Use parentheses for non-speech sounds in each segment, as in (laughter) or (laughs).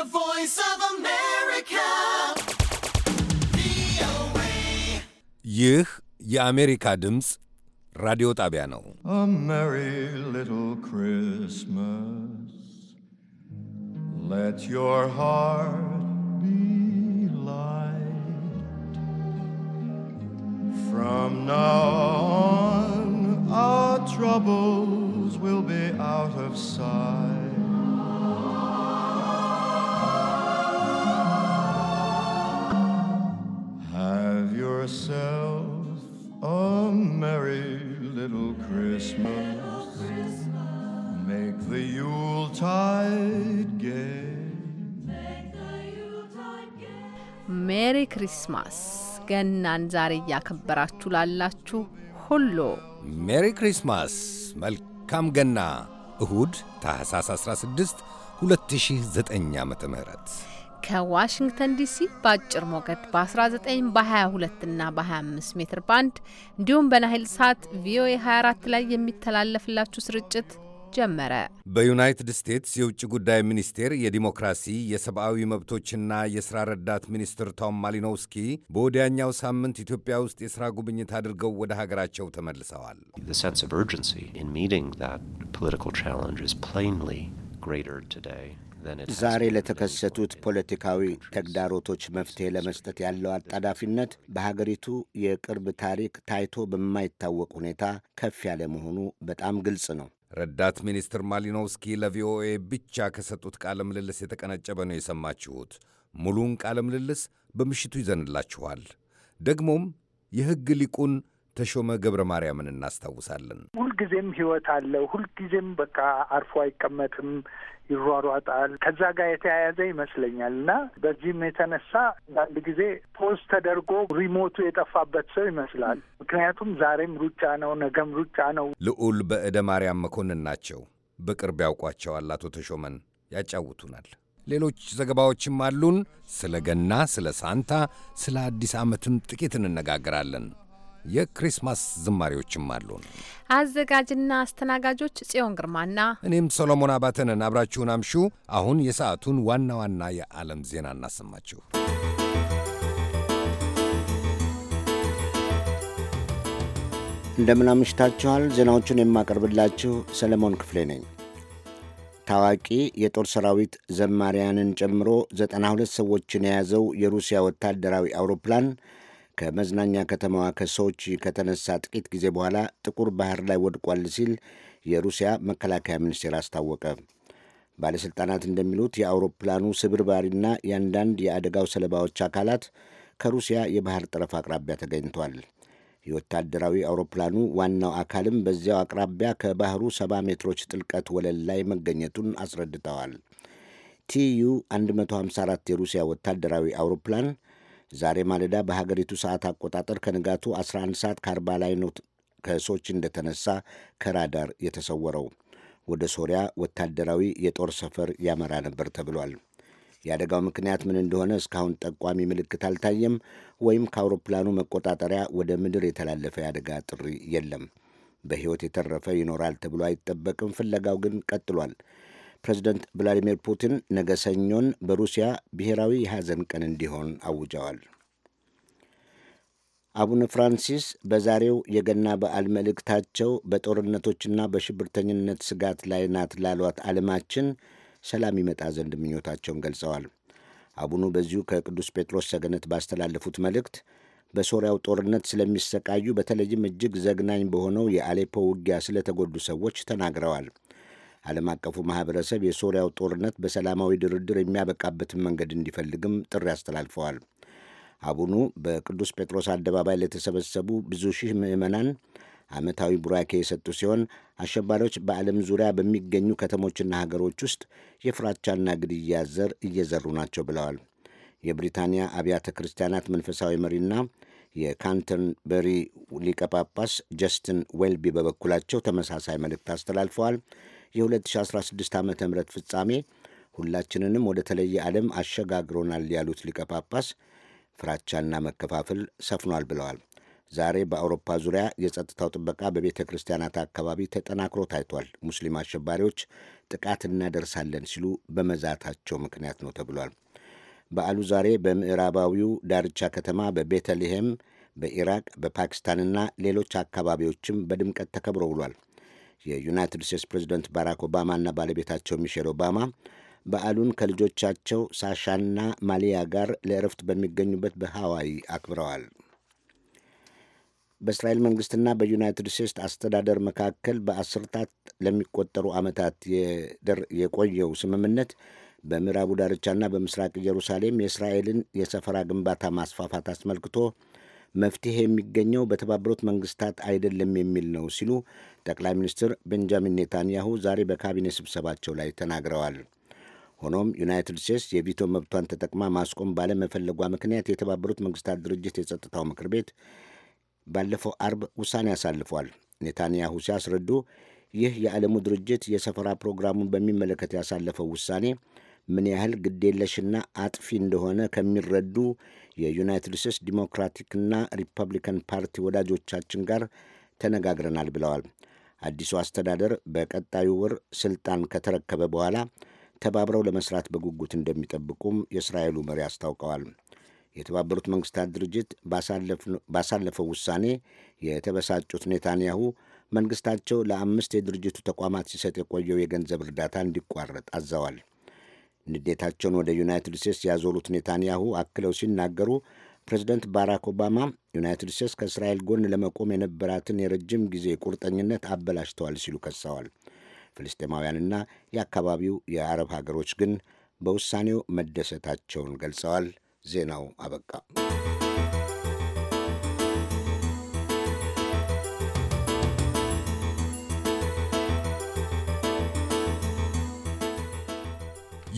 The voice of America. ይህ የአሜሪካ ድምፅ ራዲዮ ጣቢያ ነው። A merry little Christmas. Let your heart be light. From now on, our troubles will be out of sight. yourself a merry little Christmas. Make the Yuletide gay. ሜሪ ክሪስማስ ገናን ዛሬ እያከበራችሁ ላላችሁ ሁሉ ሜሪ ክሪስማስ፣ መልካም ገና። እሁድ ታህሳስ 16 2009 ዓ.ም ከዋሽንግተን ዲሲ በአጭር ሞገድ በ19 በ22 እና በ25 ሜትር ባንድ እንዲሁም በናይል ሳት ቪኦኤ 24 ላይ የሚተላለፍላችሁ ስርጭት ጀመረ። በዩናይትድ ስቴትስ የውጭ ጉዳይ ሚኒስቴር የዲሞክራሲ የሰብአዊ መብቶችና የሥራ ረዳት ሚኒስትር ቶም ማሊኖውስኪ በወዲያኛው ሳምንት ኢትዮጵያ ውስጥ የሥራ ጉብኝት አድርገው ወደ ሀገራቸው ተመልሰዋል። ዛሬ ለተከሰቱት ፖለቲካዊ ተግዳሮቶች መፍትሄ ለመስጠት ያለው አጣዳፊነት በሀገሪቱ የቅርብ ታሪክ ታይቶ በማይታወቅ ሁኔታ ከፍ ያለ መሆኑ በጣም ግልጽ ነው። ረዳት ሚኒስትር ማሊኖውስኪ ለቪኦኤ ብቻ ከሰጡት ቃለ ምልልስ የተቀነጨበ ነው የሰማችሁት። ሙሉውን ቃለ ምልልስ በምሽቱ ይዘንላችኋል። ደግሞም የሕግ ሊቁን ተሾመ ገብረ ማርያምን እናስታውሳለን። ሁልጊዜም ህይወት አለው። ሁልጊዜም በቃ አርፎ አይቀመጥም፣ ይሯሯጣል። ከዛ ጋር የተያያዘ ይመስለኛል እና በዚህም የተነሳ አንዳንድ ጊዜ ፖዝ ተደርጎ ሪሞቱ የጠፋበት ሰው ይመስላል። ምክንያቱም ዛሬም ሩጫ ነው፣ ነገም ሩጫ ነው። ልዑል በእደ ማርያም መኮንን ናቸው። በቅርብ ያውቋቸዋል። አቶ ተሾመን ያጫውቱናል። ሌሎች ዘገባዎችም አሉን። ስለ ገና፣ ስለ ሳንታ፣ ስለ አዲስ ዓመትም ጥቂት እንነጋገራለን። የክሪስማስ ዝማሬዎችም አሉን። አዘጋጅና አስተናጋጆች ጽዮን ግርማና እኔም ሰሎሞን አባተንን አብራችሁን አምሹ። አሁን የሰዓቱን ዋና ዋና የዓለም ዜና እናሰማችሁ። እንደምን አምሽታችኋል። ዜናዎቹን የማቀርብላችሁ ሰለሞን ክፍሌ ነኝ። ታዋቂ የጦር ሰራዊት ዘማሪያንን ጨምሮ ዘጠና ሁለት ሰዎችን የያዘው የሩሲያ ወታደራዊ አውሮፕላን ከመዝናኛ ከተማዋ ከሶቺ ከተነሳ ጥቂት ጊዜ በኋላ ጥቁር ባህር ላይ ወድቋል ሲል የሩሲያ መከላከያ ሚኒስቴር አስታወቀ። ባለሥልጣናት እንደሚሉት የአውሮፕላኑ ስብርባሪና የአንዳንድ የአደጋው ሰለባዎች አካላት ከሩሲያ የባህር ጠረፍ አቅራቢያ ተገኝቷል። የወታደራዊ አውሮፕላኑ ዋናው አካልም በዚያው አቅራቢያ ከባህሩ 70 ሜትሮች ጥልቀት ወለል ላይ መገኘቱን አስረድተዋል። ቲዩ 154 የሩሲያ ወታደራዊ አውሮፕላን ዛሬ ማለዳ በሀገሪቱ ሰዓት አቆጣጠር ከንጋቱ 11 ሰዓት ከአርባ ላይ ነው ከሶች እንደተነሳ ከራዳር የተሰወረው። ወደ ሶሪያ ወታደራዊ የጦር ሰፈር ያመራ ነበር ተብሏል። የአደጋው ምክንያት ምን እንደሆነ እስካሁን ጠቋሚ ምልክት አልታየም፣ ወይም ከአውሮፕላኑ መቆጣጠሪያ ወደ ምድር የተላለፈ የአደጋ ጥሪ የለም። በሕይወት የተረፈ ይኖራል ተብሎ አይጠበቅም። ፍለጋው ግን ቀጥሏል። ፕሬዚደንት ቭላዲሚር ፑቲን ነገ ሰኞን በሩሲያ ብሔራዊ የሐዘን ቀን እንዲሆን አውጀዋል። አቡነ ፍራንሲስ በዛሬው የገና በዓል መልእክታቸው በጦርነቶችና በሽብርተኝነት ስጋት ላይ ናት ላሏት ዓለማችን ሰላም ይመጣ ዘንድ ምኞታቸውን ገልጸዋል። አቡኑ በዚሁ ከቅዱስ ጴጥሮስ ሰገነት ባስተላለፉት መልእክት በሶሪያው ጦርነት ስለሚሰቃዩ በተለይም እጅግ ዘግናኝ በሆነው የአሌፖ ውጊያ ስለተጎዱ ሰዎች ተናግረዋል። ዓለም አቀፉ ማህበረሰብ የሶሪያው ጦርነት በሰላማዊ ድርድር የሚያበቃበትን መንገድ እንዲፈልግም ጥሪ አስተላልፈዋል። አቡኑ በቅዱስ ጴጥሮስ አደባባይ ለተሰበሰቡ ብዙ ሺህ ምዕመናን ዓመታዊ ቡራኬ የሰጡ ሲሆን አሸባሪዎች በዓለም ዙሪያ በሚገኙ ከተሞችና ሀገሮች ውስጥ የፍራቻና ግድያ ዘር እየዘሩ ናቸው ብለዋል። የብሪታንያ አብያተ ክርስቲያናት መንፈሳዊ መሪና የካንተርበሪ ሊቀ ጳጳስ ጀስትን ዌልቢ በበኩላቸው ተመሳሳይ መልእክት አስተላልፈዋል። የ2016 ዓ ም ፍጻሜ ሁላችንንም ወደ ተለየ ዓለም አሸጋግሮናል ያሉት ሊቀ ጳጳስ ፍራቻና መከፋፈል ሰፍኗል ብለዋል። ዛሬ በአውሮፓ ዙሪያ የጸጥታው ጥበቃ በቤተ ክርስቲያናት አካባቢ ተጠናክሮ ታይቷል። ሙስሊም አሸባሪዎች ጥቃት እናደርሳለን ሲሉ በመዛታቸው ምክንያት ነው ተብሏል። በዓሉ ዛሬ በምዕራባዊው ዳርቻ ከተማ በቤተልሔም፣ በኢራቅ፣ በፓኪስታንና ሌሎች አካባቢዎችም በድምቀት ተከብሮ ውሏል። የዩናይትድ ስቴትስ ፕሬዚደንት ባራክ ኦባማና ባለቤታቸው ሚሼል ኦባማ በዓሉን ከልጆቻቸው ሳሻና ማሊያ ጋር ለእረፍት በሚገኙበት በሃዋይ አክብረዋል። በእስራኤል መንግስትና በዩናይትድ ስቴትስ አስተዳደር መካከል በአስርታት ለሚቆጠሩ ዓመታት የቆየው ስምምነት በምዕራቡ ዳርቻና በምስራቅ ኢየሩሳሌም የእስራኤልን የሰፈራ ግንባታ ማስፋፋት አስመልክቶ መፍትሄ የሚገኘው በተባበሩት መንግስታት አይደለም የሚል ነው ሲሉ ጠቅላይ ሚኒስትር ቤንጃሚን ኔታንያሁ ዛሬ በካቢኔ ስብሰባቸው ላይ ተናግረዋል። ሆኖም ዩናይትድ ስቴትስ የቪቶ መብቷን ተጠቅማ ማስቆም ባለመፈለጓ ምክንያት የተባበሩት መንግስታት ድርጅት የጸጥታው ምክር ቤት ባለፈው አርብ ውሳኔ አሳልፏል። ኔታንያሁ ሲያስረዱ ይህ የዓለሙ ድርጅት የሰፈራ ፕሮግራሙን በሚመለከት ያሳለፈው ውሳኔ ምን ያህል ግዴለሽና አጥፊ እንደሆነ ከሚረዱ የዩናይትድ ስቴትስ ዲሞክራቲክና ሪፐብሊካን ፓርቲ ወዳጆቻችን ጋር ተነጋግረናል ብለዋል። አዲሱ አስተዳደር በቀጣዩ ወር ስልጣን ከተረከበ በኋላ ተባብረው ለመስራት በጉጉት እንደሚጠብቁም የእስራኤሉ መሪ አስታውቀዋል። የተባበሩት መንግስታት ድርጅት ባሳለፈው ውሳኔ የተበሳጩት ኔታንያሁ መንግስታቸው ለአምስት የድርጅቱ ተቋማት ሲሰጥ የቆየው የገንዘብ እርዳታ እንዲቋረጥ አዘዋል። ንዴታቸውን ወደ ዩናይትድ ስቴትስ ያዞሩት ኔታንያሁ አክለው ሲናገሩ ፕሬዚደንት ባራክ ኦባማ ዩናይትድ ስቴትስ ከእስራኤል ጎን ለመቆም የነበራትን የረጅም ጊዜ ቁርጠኝነት አበላሽተዋል ሲሉ ከሰዋል። ፍልስጤማውያንና የአካባቢው የአረብ ሀገሮች ግን በውሳኔው መደሰታቸውን ገልጸዋል። ዜናው አበቃ።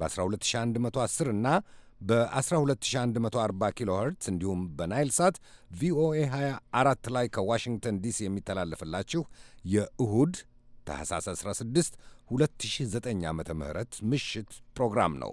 በ12110 እና በ12140 ኪሎ ኸርትዝ እንዲሁም በናይል ሳት ቪኦኤ 24 ላይ ከዋሽንግተን ዲሲ የሚተላለፍላችሁ የእሁድ ታህሳስ 16 2009 ዓመተ ምህረት ምሽት ፕሮግራም ነው።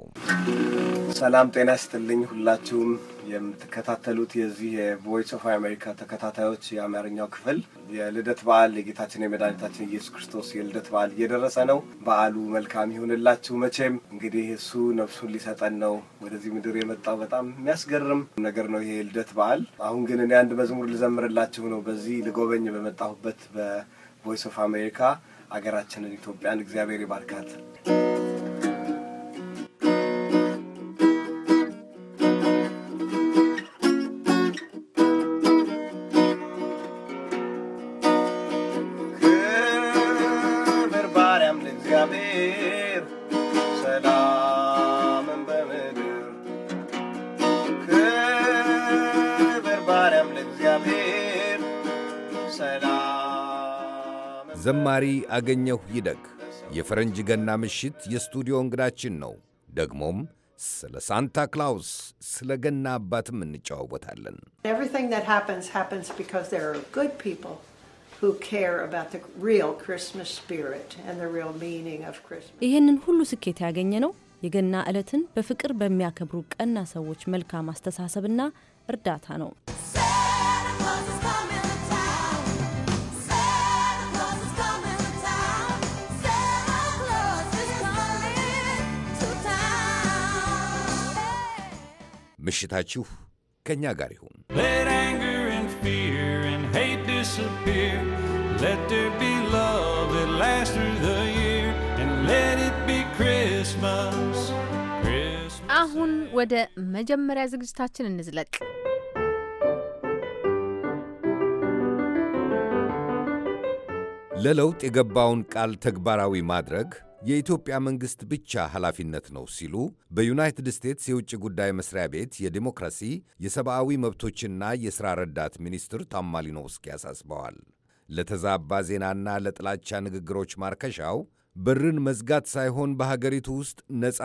ሰላም ጤና ይስጥልኝ። ሁላችሁም የምትከታተሉት የዚህ የቮይስ ኦፍ አሜሪካ ተከታታዮች የአማርኛው ክፍል የልደት በዓል የጌታችን የመድኃኒታችን ኢየሱስ ክርስቶስ የልደት በዓል እየደረሰ ነው። በዓሉ መልካም ይሁንላችሁ። መቼም እንግዲህ እሱ ነፍሱን ሊሰጠን ነው ወደዚህ ምድር የመጣው። በጣም የሚያስገርም ነገር ነው ይሄ የልደት በዓል። አሁን ግን እኔ አንድ መዝሙር ልዘምርላችሁ ነው በዚህ ልጎበኝ በመጣሁበት በቮይስ ኦፍ አሜሪካ አገራችንን ኢትዮጵያን እግዚአብሔር ይባርካት። ዘማሪ አገኘሁ ይደግ የፈረንጅ ገና ምሽት የስቱዲዮ እንግዳችን ነው። ደግሞም ስለ ሳንታ ክላውስ ስለ ገና አባትም እንጨዋወታለን። ይህንን ሁሉ ስኬት ያገኘ ነው የገና ዕለትን በፍቅር በሚያከብሩ ቀና ሰዎች መልካም አስተሳሰብና እርዳታ ነው። ምሽታችሁ ከእኛ ጋር ይሁን። አሁን ወደ መጀመሪያ ዝግጅታችን እንዝለቅ። ለለውጥ የገባውን ቃል ተግባራዊ ማድረግ የኢትዮጵያ መንግሥት ብቻ ኃላፊነት ነው ሲሉ በዩናይትድ ስቴትስ የውጭ ጉዳይ መስሪያ ቤት የዲሞክራሲ የሰብአዊ መብቶችና የሥራ ረዳት ሚኒስትር ታማሊኖውስኪ አሳስበዋል። ለተዛባ ዜናና ለጥላቻ ንግግሮች ማርከሻው በርን መዝጋት ሳይሆን በሀገሪቱ ውስጥ ነፃ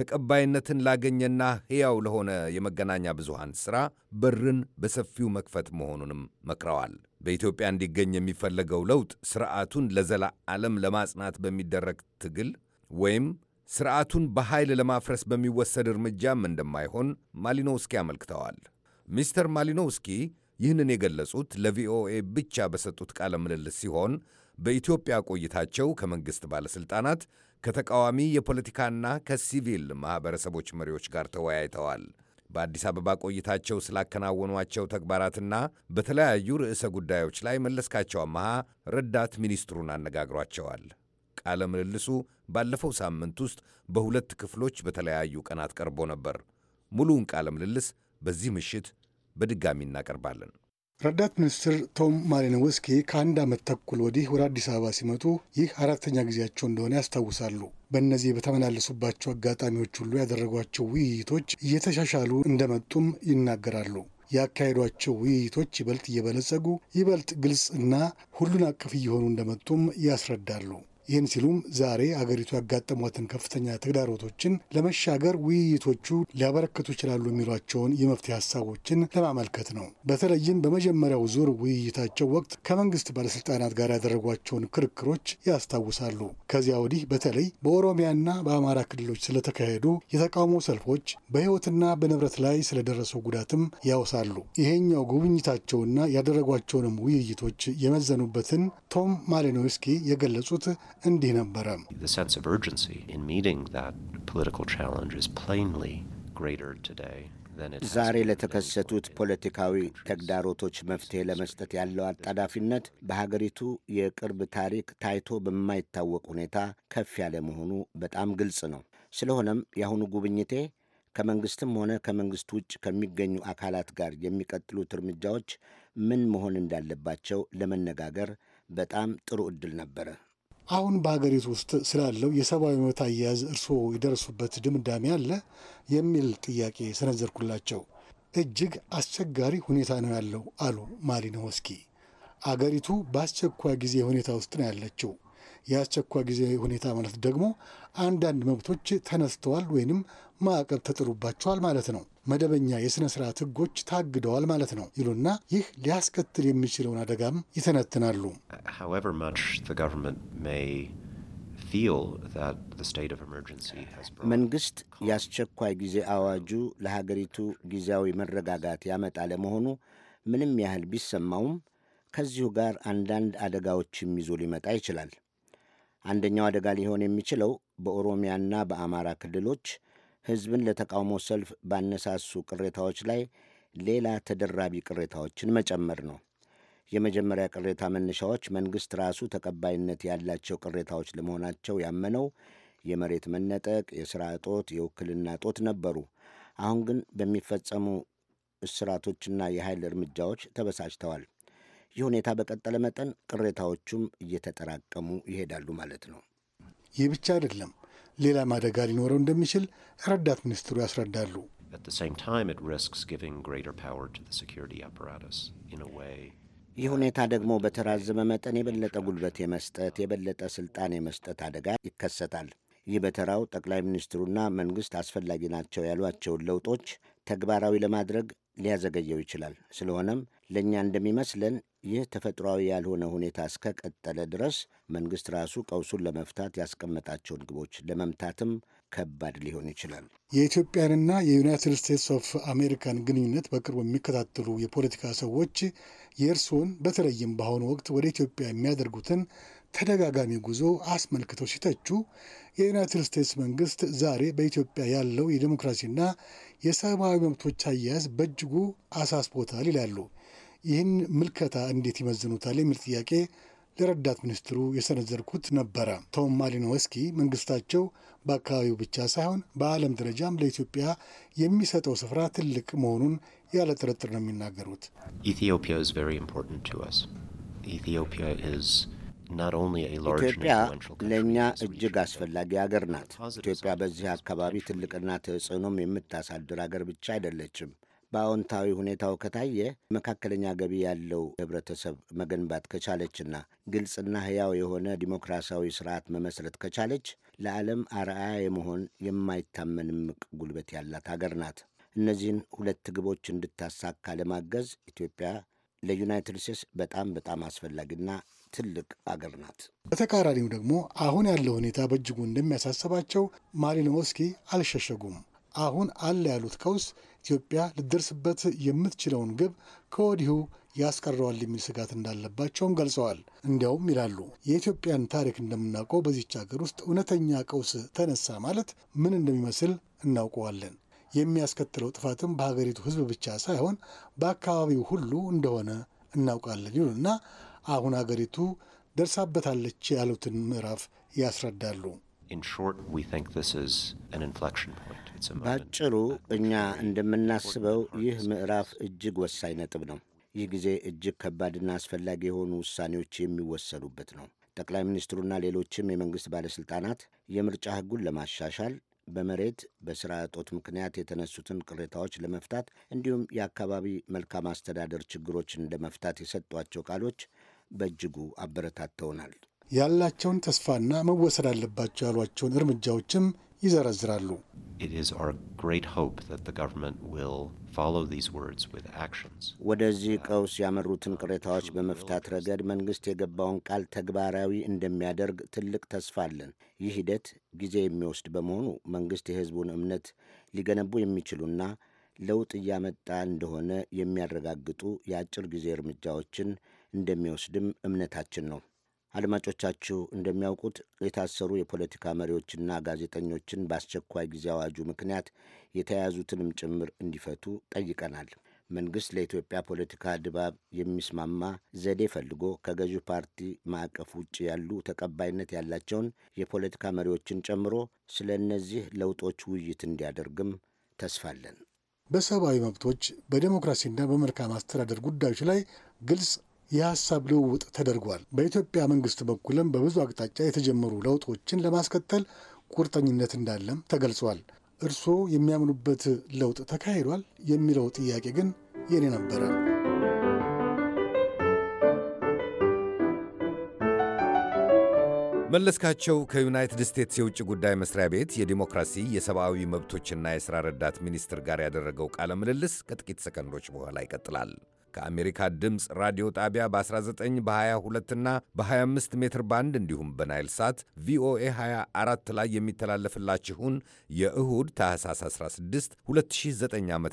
ተቀባይነትን ላገኘና ሕያው ለሆነ የመገናኛ ብዙሃን ሥራ በርን በሰፊው መክፈት መሆኑንም መክረዋል። በኢትዮጵያ እንዲገኝ የሚፈለገው ለውጥ ስርዓቱን ለዘላ ዓለም ለማጽናት በሚደረግ ትግል ወይም ስርዓቱን በኃይል ለማፍረስ በሚወሰድ እርምጃም እንደማይሆን ማሊኖውስኪ አመልክተዋል። ሚስተር ማሊኖውስኪ ይህንን የገለጹት ለቪኦኤ ብቻ በሰጡት ቃለ ምልልስ ሲሆን በኢትዮጵያ ቆይታቸው ከመንግሥት ባለሥልጣናት ከተቃዋሚ የፖለቲካና ከሲቪል ማኅበረሰቦች መሪዎች ጋር ተወያይተዋል። በአዲስ አበባ ቆይታቸው ስላከናወኗቸው ተግባራትና በተለያዩ ርዕሰ ጉዳዮች ላይ መለስካቸው አመሃ ረዳት ሚኒስትሩን አነጋግሯቸዋል። ቃለ ምልልሱ ባለፈው ሳምንት ውስጥ በሁለት ክፍሎች በተለያዩ ቀናት ቀርቦ ነበር። ሙሉውን ቃለ ምልልስ በዚህ ምሽት በድጋሚ እናቀርባለን። ረዳት ሚኒስትር ቶም ማሊኖውስኪ ከአንድ ዓመት ተኩል ወዲህ ወደ አዲስ አበባ ሲመጡ ይህ አራተኛ ጊዜያቸው እንደሆነ ያስታውሳሉ። በእነዚህ በተመላለሱባቸው አጋጣሚዎች ሁሉ ያደረጓቸው ውይይቶች እየተሻሻሉ እንደመጡም ይናገራሉ። ያካሄዷቸው ውይይቶች ይበልጥ እየበለጸጉ ይበልጥ ግልጽ እና ሁሉን አቀፍ እየሆኑ እንደመጡም ያስረዳሉ። ይህን ሲሉም ዛሬ አገሪቱ ያጋጠሟትን ከፍተኛ ተግዳሮቶችን ለመሻገር ውይይቶቹ ሊያበረክቱ ይችላሉ የሚሏቸውን የመፍትሄ ሀሳቦችን ለማመልከት ነው። በተለይም በመጀመሪያው ዙር ውይይታቸው ወቅት ከመንግስት ባለስልጣናት ጋር ያደረጓቸውን ክርክሮች ያስታውሳሉ። ከዚያ ወዲህ በተለይ በኦሮሚያና በአማራ ክልሎች ስለተካሄዱ የተቃውሞ ሰልፎች፣ በህይወትና በንብረት ላይ ስለደረሰው ጉዳትም ያወሳሉ። ይሄኛው ጉብኝታቸውና ያደረጓቸውንም ውይይቶች የመዘኑበትን ቶም ማሊኖውስኪ የገለጹት እንዲህ ነበረ። ዛሬ ለተከሰቱት ፖለቲካዊ ተግዳሮቶች መፍትሄ ለመስጠት ያለው አጣዳፊነት በሀገሪቱ የቅርብ ታሪክ ታይቶ በማይታወቅ ሁኔታ ከፍ ያለ መሆኑ በጣም ግልጽ ነው። ስለሆነም የአሁኑ ጉብኝቴ ከመንግስትም ሆነ ከመንግስት ውጭ ከሚገኙ አካላት ጋር የሚቀጥሉት እርምጃዎች ምን መሆን እንዳለባቸው ለመነጋገር በጣም ጥሩ ዕድል ነበረ። አሁን በሀገሪቱ ውስጥ ስላለው የሰብአዊ መብት አያያዝ እርስዎ የደረሱበት ድምዳሜ አለ የሚል ጥያቄ ሰነዘርኩላቸው። እጅግ አስቸጋሪ ሁኔታ ነው ያለው አሉ ማሊኖውስኪ። አገሪቱ በአስቸኳይ ጊዜ ሁኔታ ውስጥ ነው ያለችው። የአስቸኳይ ጊዜ ሁኔታ ማለት ደግሞ አንዳንድ መብቶች ተነስተዋል ወይንም ማዕቀብ ተጥሎባቸዋል ማለት ነው። መደበኛ የሥነ ሥርዓት ሕጎች ታግደዋል ማለት ነው ይሉና ይህ ሊያስከትል የሚችለውን አደጋም ይተነትናሉ። መንግሥት የአስቸኳይ ጊዜ አዋጁ ለሀገሪቱ ጊዜያዊ መረጋጋት ያመጣ ለመሆኑ ምንም ያህል ቢሰማውም ከዚሁ ጋር አንዳንድ አደጋዎችም ይዞ ሊመጣ ይችላል። አንደኛው አደጋ ሊሆን የሚችለው በኦሮሚያና በአማራ ክልሎች ሕዝብን ለተቃውሞ ሰልፍ ባነሳሱ ቅሬታዎች ላይ ሌላ ተደራቢ ቅሬታዎችን መጨመር ነው። የመጀመሪያ ቅሬታ መነሻዎች መንግሥት ራሱ ተቀባይነት ያላቸው ቅሬታዎች ለመሆናቸው ያመነው የመሬት መነጠቅ፣ የሥራ እጦት፣ የውክልና እጦት ነበሩ። አሁን ግን በሚፈጸሙ እስራቶችና የኃይል እርምጃዎች ተበሳጭተዋል። ይህ ሁኔታ በቀጠለ መጠን ቅሬታዎቹም እየተጠራቀሙ ይሄዳሉ ማለት ነው። ይህ ብቻ አይደለም። ሌላም አደጋ ሊኖረው እንደሚችል ረዳት ሚኒስትሩ ያስረዳሉ። ይህ ሁኔታ ደግሞ በተራዘመ መጠን የበለጠ ጉልበት የመስጠት የበለጠ ስልጣን የመስጠት አደጋ ይከሰታል። ይህ በተራው ጠቅላይ ሚኒስትሩና መንግሥት አስፈላጊ ናቸው ያሏቸውን ለውጦች ተግባራዊ ለማድረግ ሊያዘገየው ይችላል። ስለሆነም ለእኛ እንደሚመስለን ይህ ተፈጥሯዊ ያልሆነ ሁኔታ እስከ ቀጠለ ድረስ መንግሥት ራሱ ቀውሱን ለመፍታት ያስቀመጣቸውን ግቦች ለመምታትም ከባድ ሊሆን ይችላል። የኢትዮጵያንና የዩናይትድ ስቴትስ ኦፍ አሜሪካን ግንኙነት በቅርቡ የሚከታተሉ የፖለቲካ ሰዎች የእርስዎን በተለይም በአሁኑ ወቅት ወደ ኢትዮጵያ የሚያደርጉትን ተደጋጋሚ ጉዞ አስመልክተው ሲተቹ የዩናይትድ ስቴትስ መንግስት ዛሬ በኢትዮጵያ ያለው የዴሞክራሲና የሰብአዊ መብቶች አያያዝ በእጅጉ አሳስቦታል ይላሉ። ይህን ምልከታ እንዴት ይመዝኑታል የሚል ጥያቄ ለረዳት ሚኒስትሩ የሰነዘርኩት ነበረ። ቶም ማሊኖወስኪ መንግስታቸው በአካባቢው ብቻ ሳይሆን በዓለም ደረጃም ለኢትዮጵያ የሚሰጠው ስፍራ ትልቅ መሆኑን ያለ ጥርጥር ነው የሚናገሩት። ኢትዮጵያ ለእኛ እጅግ አስፈላጊ ሀገር ናት። ኢትዮጵያ በዚህ አካባቢ ትልቅና ተጽዕኖም የምታሳድር ሀገር ብቻ አይደለችም። በአዎንታዊ ሁኔታው ከታየ መካከለኛ ገቢ ያለው ህብረተሰብ መገንባት ከቻለችና ግልጽና ህያው የሆነ ዲሞክራሲያዊ ስርዓት መመስረት ከቻለች ለዓለም አርአያ የመሆን የማይታመን እምቅ ጉልበት ያላት አገር ናት። እነዚህን ሁለት ግቦች እንድታሳካ ለማገዝ ኢትዮጵያ ለዩናይትድ ስቴትስ በጣም በጣም አስፈላጊና ትልቅ አገር ናት። በተቃራኒው ደግሞ አሁን ያለው ሁኔታ በእጅጉ እንደሚያሳስባቸው ማሊኖውስኪ አልሸሸጉም። አሁን አለ ያሉት ቀውስ ኢትዮጵያ ልደርስበት የምትችለውን ግብ ከወዲሁ ያስቀረዋል የሚል ስጋት እንዳለባቸውም ገልጸዋል። እንዲያውም ይላሉ የኢትዮጵያን ታሪክ እንደምናውቀው በዚች ሀገር ውስጥ እውነተኛ ቀውስ ተነሳ ማለት ምን እንደሚመስል እናውቀዋለን። የሚያስከትለው ጥፋትም በሀገሪቱ ሕዝብ ብቻ ሳይሆን በአካባቢው ሁሉ እንደሆነ እናውቃለን ይሉና አሁን ሀገሪቱ ደርሳበታለች ያሉትን ምዕራፍ ያስረዳሉ። In short, we think ባጭሩ እኛ እንደምናስበው ይህ ምዕራፍ እጅግ ወሳኝ ነጥብ ነው። ይህ ጊዜ እጅግ ከባድና አስፈላጊ የሆኑ ውሳኔዎች የሚወሰዱበት ነው። ጠቅላይ ሚኒስትሩና ሌሎችም የመንግሥት ባለሥልጣናት የምርጫ ሕጉን ለማሻሻል በመሬት በሥራ እጦት ምክንያት የተነሱትን ቅሬታዎች ለመፍታት እንዲሁም የአካባቢ መልካም አስተዳደር ችግሮችን ለመፍታት የሰጧቸው ቃሎች በእጅጉ አበረታተውናል። ያላቸውን ተስፋና መወሰድ አለባቸው ያሏቸውን እርምጃዎችም ይዘረዝራሉ። it is our great hope that the government will follow these words with actions. ወደዚህ ቀውስ ያመሩትን ቅሬታዎች በመፍታት ረገድ መንግስት የገባውን ቃል ተግባራዊ እንደሚያደርግ ትልቅ ተስፋ አለን። ይህ ሂደት ጊዜ የሚወስድ በመሆኑ መንግስት የህዝቡን እምነት ሊገነቡ የሚችሉና ለውጥ እያመጣ እንደሆነ የሚያረጋግጡ የአጭር ጊዜ እርምጃዎችን እንደሚወስድም እምነታችን ነው። አድማጮቻችሁ እንደሚያውቁት የታሰሩ የፖለቲካ መሪዎችና ጋዜጠኞችን በአስቸኳይ ጊዜ አዋጁ ምክንያት የተያያዙትንም ጭምር እንዲፈቱ ጠይቀናል። መንግሥት ለኢትዮጵያ ፖለቲካ ድባብ የሚስማማ ዘዴ ፈልጎ ከገዢው ፓርቲ ማዕቀፍ ውጭ ያሉ ተቀባይነት ያላቸውን የፖለቲካ መሪዎችን ጨምሮ ስለ እነዚህ ለውጦች ውይይት እንዲያደርግም ተስፋለን። በሰብአዊ መብቶች በዴሞክራሲና በመልካም አስተዳደር ጉዳዮች ላይ ግልጽ የሀሳብ ልውውጥ ተደርጓል። በኢትዮጵያ መንግስት በኩልም በብዙ አቅጣጫ የተጀመሩ ለውጦችን ለማስከተል ቁርጠኝነት እንዳለም ተገልጿል። እርስዎ የሚያምኑበት ለውጥ ተካሂዷል የሚለው ጥያቄ ግን የኔ ነበረ። መለስካቸው ከዩናይትድ ስቴትስ የውጭ ጉዳይ መስሪያ ቤት የዲሞክራሲ የሰብአዊ መብቶችና የሥራ ረዳት ሚኒስትር ጋር ያደረገው ቃለ ምልልስ ከጥቂት ሰከንዶች በኋላ ይቀጥላል። ከአሜሪካ ድምፅ ራዲዮ ጣቢያ በ19 በ22 እና በ25 ሜትር ባንድ እንዲሁም በናይል ሳት ቪኦኤ 24 ላይ የሚተላለፍላችሁን የእሁድ ታህሳስ 16 2009 ዓ ም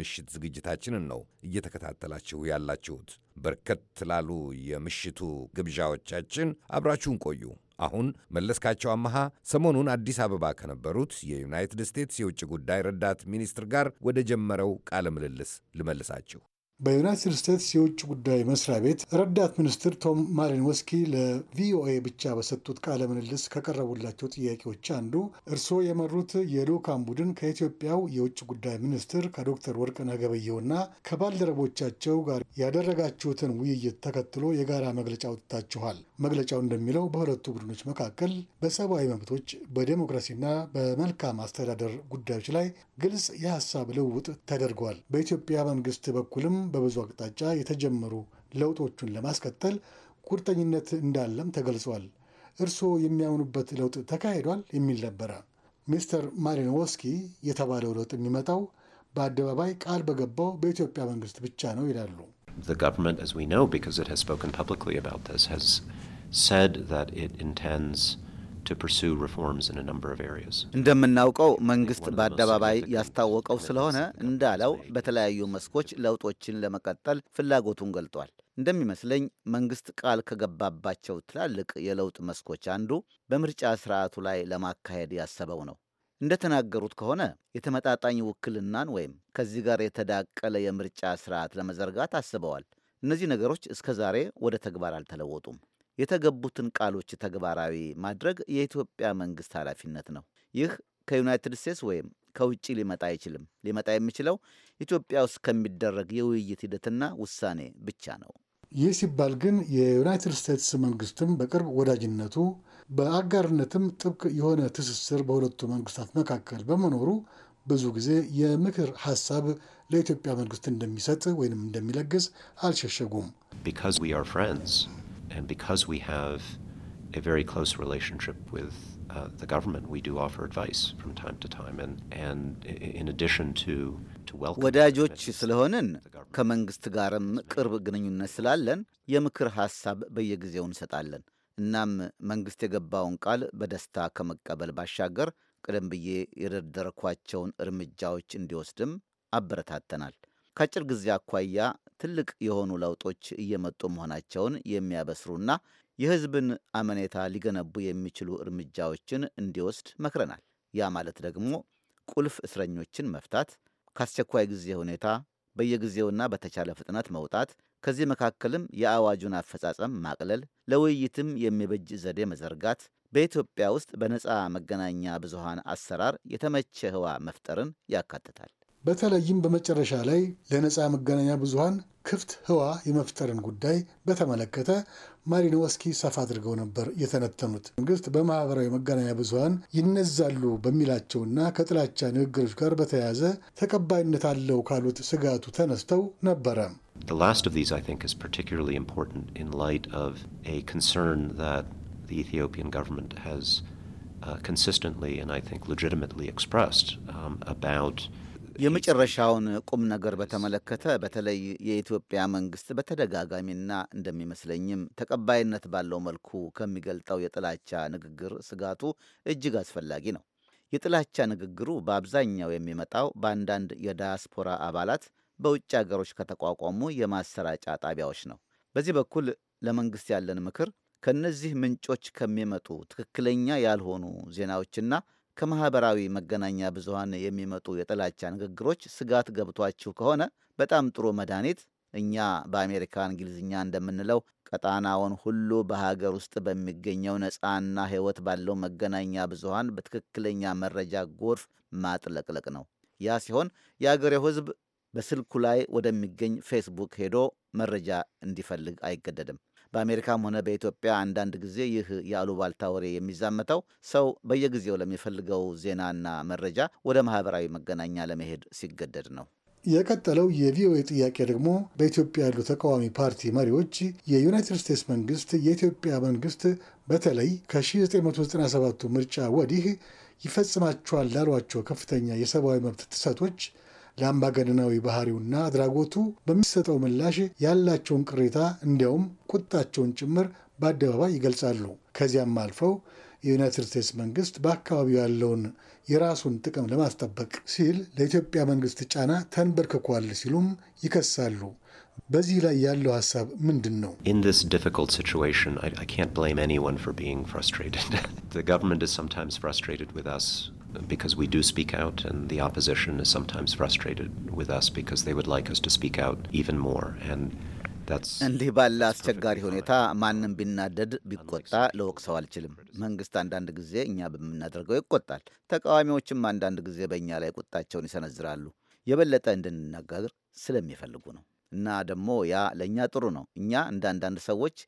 ምሽት ዝግጅታችንን ነው እየተከታተላችሁ ያላችሁት። በርከት ላሉ የምሽቱ ግብዣዎቻችን አብራችሁን ቆዩ። አሁን መለስካቸው አመሃ ሰሞኑን አዲስ አበባ ከነበሩት የዩናይትድ ስቴትስ የውጭ ጉዳይ ረዳት ሚኒስትር ጋር ወደ ጀመረው ቃለ ምልልስ ልመልሳችሁ። በዩናይትድ ስቴትስ የውጭ ጉዳይ መስሪያ ቤት ረዳት ሚኒስትር ቶም ማሊኖስኪ ለቪኦኤ ብቻ በሰጡት ቃለ ምልልስ ከቀረቡላቸው ጥያቄዎች አንዱ እርስዎ የመሩት የልዑካን ቡድን ከኢትዮጵያው የውጭ ጉዳይ ሚኒስትር ከዶክተር ወርቅነህ ገበየሁና ከባልደረቦቻቸው ጋር ያደረጋችሁትን ውይይት ተከትሎ የጋራ መግለጫ አውጥታችኋል። መግለጫው እንደሚለው በሁለቱ ቡድኖች መካከል በሰብአዊ መብቶች በዴሞክራሲና በመልካም አስተዳደር ጉዳዮች ላይ ግልጽ የሀሳብ ልውውጥ ተደርጓል። በኢትዮጵያ መንግስት በኩልም በብዙ አቅጣጫ የተጀመሩ ለውጦቹን ለማስከተል ቁርጠኝነት እንዳለም ተገልጿል። እርስዎ የሚያምኑበት ለውጥ ተካሂዷል የሚል ነበረ። ሚስተር ማሪኖወስኪ የተባለው ለውጥ የሚመጣው በአደባባይ ቃል በገባው በኢትዮጵያ መንግስት ብቻ ነው ይላሉ። The government, as we know, because it has spoken publicly about this, has said that it intends እንደምናውቀው መንግስት በአደባባይ ያስታወቀው ስለሆነ እንዳለው በተለያዩ መስኮች ለውጦችን ለመቀጠል ፍላጎቱን ገልጧል። እንደሚመስለኝ መንግስት ቃል ከገባባቸው ትላልቅ የለውጥ መስኮች አንዱ በምርጫ ስርዓቱ ላይ ለማካሄድ ያሰበው ነው። እንደተናገሩት ከሆነ የተመጣጣኝ ውክልናን ወይም ከዚህ ጋር የተዳቀለ የምርጫ ስርዓት ለመዘርጋት አስበዋል። እነዚህ ነገሮች እስከ ዛሬ ወደ ተግባር አልተለወጡም። የተገቡትን ቃሎች ተግባራዊ ማድረግ የኢትዮጵያ መንግስት ኃላፊነት ነው። ይህ ከዩናይትድ ስቴትስ ወይም ከውጭ ሊመጣ አይችልም። ሊመጣ የሚችለው ኢትዮጵያ ውስጥ ከሚደረግ የውይይት ሂደትና ውሳኔ ብቻ ነው። ይህ ሲባል ግን የዩናይትድ ስቴትስ መንግስትም በቅርብ ወዳጅነቱ በአጋርነትም ጥብቅ የሆነ ትስስር በሁለቱ መንግስታት መካከል በመኖሩ ብዙ ጊዜ የምክር ሀሳብ ለኢትዮጵያ መንግስት እንደሚሰጥ ወይንም እንደሚለግስ አልሸሸጉም። and because we have a very close relationship with uh, the government, we do offer advice from time to time, and, and in addition to, to welcome. ወዳጆች ስለሆንን ከመንግስት ጋርም ቅርብ ግንኙነት ስላለን የምክር ሐሳብ በየጊዜው እንሰጣለን። እናም መንግስት የገባውን ቃል በደስታ ከመቀበል ባሻገር ቀደም ብዬ የደረደርኳቸውን እርምጃዎች እንዲወስድም አበረታተናል። ከአጭር ጊዜ አኳያ ትልቅ የሆኑ ለውጦች እየመጡ መሆናቸውን የሚያበስሩና የሕዝብን አመኔታ ሊገነቡ የሚችሉ እርምጃዎችን እንዲወስድ መክረናል። ያ ማለት ደግሞ ቁልፍ እስረኞችን መፍታት፣ ከአስቸኳይ ጊዜ ሁኔታ በየጊዜውና በተቻለ ፍጥነት መውጣት፣ ከዚህ መካከልም የአዋጁን አፈጻጸም ማቅለል፣ ለውይይትም የሚበጅ ዘዴ መዘርጋት፣ በኢትዮጵያ ውስጥ በነፃ መገናኛ ብዙሃን አሰራር የተመቸ ህዋ መፍጠርን ያካትታል። በተለይም በመጨረሻ ላይ ለነፃ መገናኛ ብዙኃን ክፍት ህዋ የመፍጠርን ጉዳይ በተመለከተ ማሪኖወስኪ ሰፋ አድርገው ነበር የተነተኑት። መንግስት በማህበራዊ መገናኛ ብዙኃን ይነዛሉ በሚላቸውና ከጥላቻ ንግግሮች ጋር በተያያዘ ተቀባይነት አለው ካሉት ስጋቱ ተነስተው ነበረ። The last of these, I think, is particularly important in light of a concern that the Ethiopian government has uh, consistently and I think legitimately expressed um, about የመጨረሻውን ቁም ነገር በተመለከተ በተለይ የኢትዮጵያ መንግስት በተደጋጋሚና እንደሚመስለኝም ተቀባይነት ባለው መልኩ ከሚገልጠው የጥላቻ ንግግር ስጋቱ እጅግ አስፈላጊ ነው። የጥላቻ ንግግሩ በአብዛኛው የሚመጣው በአንዳንድ የዳያስፖራ አባላት በውጭ አገሮች ከተቋቋሙ የማሰራጫ ጣቢያዎች ነው። በዚህ በኩል ለመንግስት ያለን ምክር ከእነዚህ ምንጮች ከሚመጡ ትክክለኛ ያልሆኑ ዜናዎችና ከማኅበራዊ መገናኛ ብዙሃን የሚመጡ የጥላቻ ንግግሮች ስጋት ገብቷችሁ ከሆነ በጣም ጥሩ መድኃኒት እኛ በአሜሪካ እንግሊዝኛ እንደምንለው ቀጣናውን ሁሉ በሀገር ውስጥ በሚገኘው ነፃና ሕይወት ባለው መገናኛ ብዙሃን በትክክለኛ መረጃ ጎርፍ ማጥለቅለቅ ነው። ያ ሲሆን የአገሬው ሕዝብ በስልኩ ላይ ወደሚገኝ ፌስቡክ ሄዶ መረጃ እንዲፈልግ አይገደድም። በአሜሪካም ሆነ በኢትዮጵያ አንዳንድ ጊዜ ይህ የአሉባልታ ወሬ የሚዛመተው ሰው በየጊዜው ለሚፈልገው ዜናና መረጃ ወደ ማህበራዊ መገናኛ ለመሄድ ሲገደድ ነው። የቀጠለው የቪኦኤ ጥያቄ ደግሞ በኢትዮጵያ ያሉ ተቃዋሚ ፓርቲ መሪዎች የዩናይትድ ስቴትስ መንግስት የኢትዮጵያ መንግስት በተለይ ከ1997 ምርጫ ወዲህ ይፈጽማቸዋል ላሏቸው ከፍተኛ የሰብአዊ መብት ጥሰቶች ለአምባገነናዊ ባህሪውና አድራጎቱ በሚሰጠው ምላሽ ያላቸውን ቅሬታ እንዲያውም ቁጣቸውን ጭምር በአደባባይ ይገልጻሉ። ከዚያም አልፈው የዩናይትድ ስቴትስ መንግስት በአካባቢው ያለውን የራሱን ጥቅም ለማስጠበቅ ሲል ለኢትዮጵያ መንግስት ጫና ተንበርክኳል ሲሉም ይከሳሉ። በዚህ ላይ ያለው ሀሳብ ምንድን ነው? (laughs) because we do speak out, and the opposition is sometimes frustrated with us because they would like us to speak out even more. And እንዲህ ባለ አስቸጋሪ ሁኔታ ማንም ቢናደድ ቢቆጣ ልወቅሰው አልችልም። መንግስት አንዳንድ ጊዜ እኛ በምናደርገው ይቆጣል። ተቃዋሚዎችም አንዳንድ ጊዜ በእኛ ላይ ቁጣቸውን ይሰነዝራሉ። የበለጠ እንድንነጋገር ስለሚፈልጉ ነው። እና ደግሞ ያ ለእኛ ጥሩ ነው። እኛ እንደ አንዳንድ ሰዎች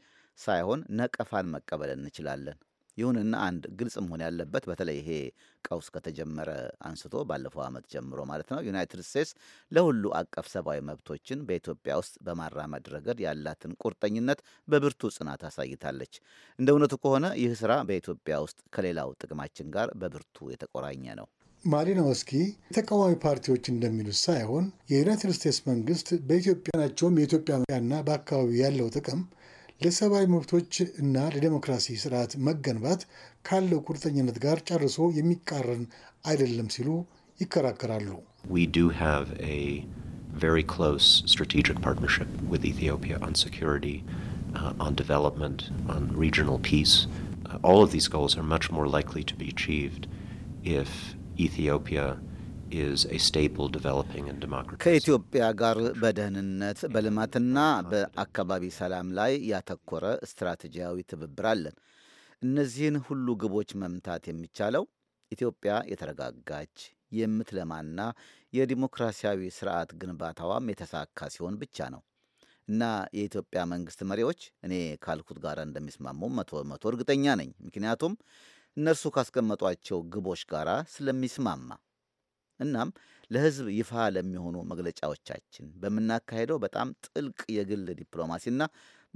ሳይሆን ነቀፋን መቀበል እንችላለን። ይሁንና አንድ ግልጽ መሆን ያለበት በተለይ ይሄ ቀውስ ከተጀመረ አንስቶ ባለፈው ዓመት ጀምሮ ማለት ነው ዩናይትድ ስቴትስ ለሁሉ አቀፍ ሰብአዊ መብቶችን በኢትዮጵያ ውስጥ በማራመድ ረገድ ያላትን ቁርጠኝነት በብርቱ ጽናት አሳይታለች። እንደ እውነቱ ከሆነ ይህ ስራ በኢትዮጵያ ውስጥ ከሌላው ጥቅማችን ጋር በብርቱ የተቆራኘ ነው። ማሊኖውስኪ የተቃዋሚ ፓርቲዎች እንደሚሉት ሳይሆን የዩናይትድ ስቴትስ መንግስት በኢትዮጵያ ናቸውም የኢትዮጵያና በአካባቢው ያለው ጥቅም ለሰብአዊ መብቶች እና ለዴሞክራሲ ስርዓት መገንባት ካለው ቁርጠኝነት ጋር ጨርሶ የሚቃረን አይደለም ሲሉ ይከራከራሉ። ኢትዮጵያ ከኢትዮጵያ ጋር በደህንነት በልማትና በአካባቢ ሰላም ላይ ያተኮረ ስትራቴጂያዊ ትብብር አለን። እነዚህን ሁሉ ግቦች መምታት የሚቻለው ኢትዮጵያ የተረጋጋች የምትለማና የዲሞክራሲያዊ ስርዓት ግንባታዋም የተሳካ ሲሆን ብቻ ነው እና የኢትዮጵያ መንግስት መሪዎች እኔ ካልኩት ጋር እንደሚስማሙ መቶ መቶ እርግጠኛ ነኝ። ምክንያቱም እነርሱ ካስቀመጧቸው ግቦች ጋር ስለሚስማማ እናም ለህዝብ ይፋ ለሚሆኑ መግለጫዎቻችን በምናካሄደው በጣም ጥልቅ የግል ዲፕሎማሲና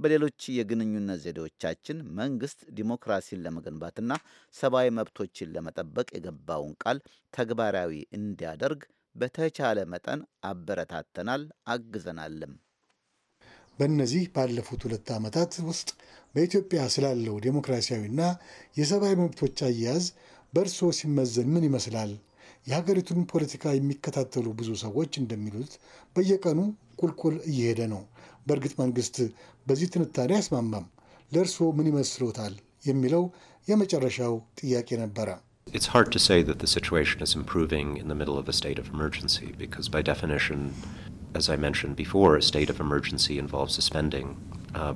በሌሎች የግንኙነት ዘዴዎቻችን መንግስት ዲሞክራሲን ለመገንባትና ሰብአዊ መብቶችን ለመጠበቅ የገባውን ቃል ተግባራዊ እንዲያደርግ በተቻለ መጠን አበረታተናል፣ አግዘናልም። በእነዚህ ባለፉት ሁለት ዓመታት ውስጥ በኢትዮጵያ ስላለው ዴሞክራሲያዊና የሰብአዊ መብቶች አያያዝ በእርስዎ ሲመዘን ምን ይመስላል? የሀገሪቱን ፖለቲካ የሚከታተሉ ብዙ ሰዎች እንደሚሉት በየቀኑ ቁልቁል እየሄደ ነው። በእርግጥ መንግስት በዚህ ትንታኔ አያስማማም። ለእርስዎ ምን ይመስሎታል? የሚለው የመጨረሻው ጥያቄ ነበረ። It's hard to say that the situation is improving in the middle of a state of emergency because, by definition, as I mentioned before, a state of emergency involves suspending uh,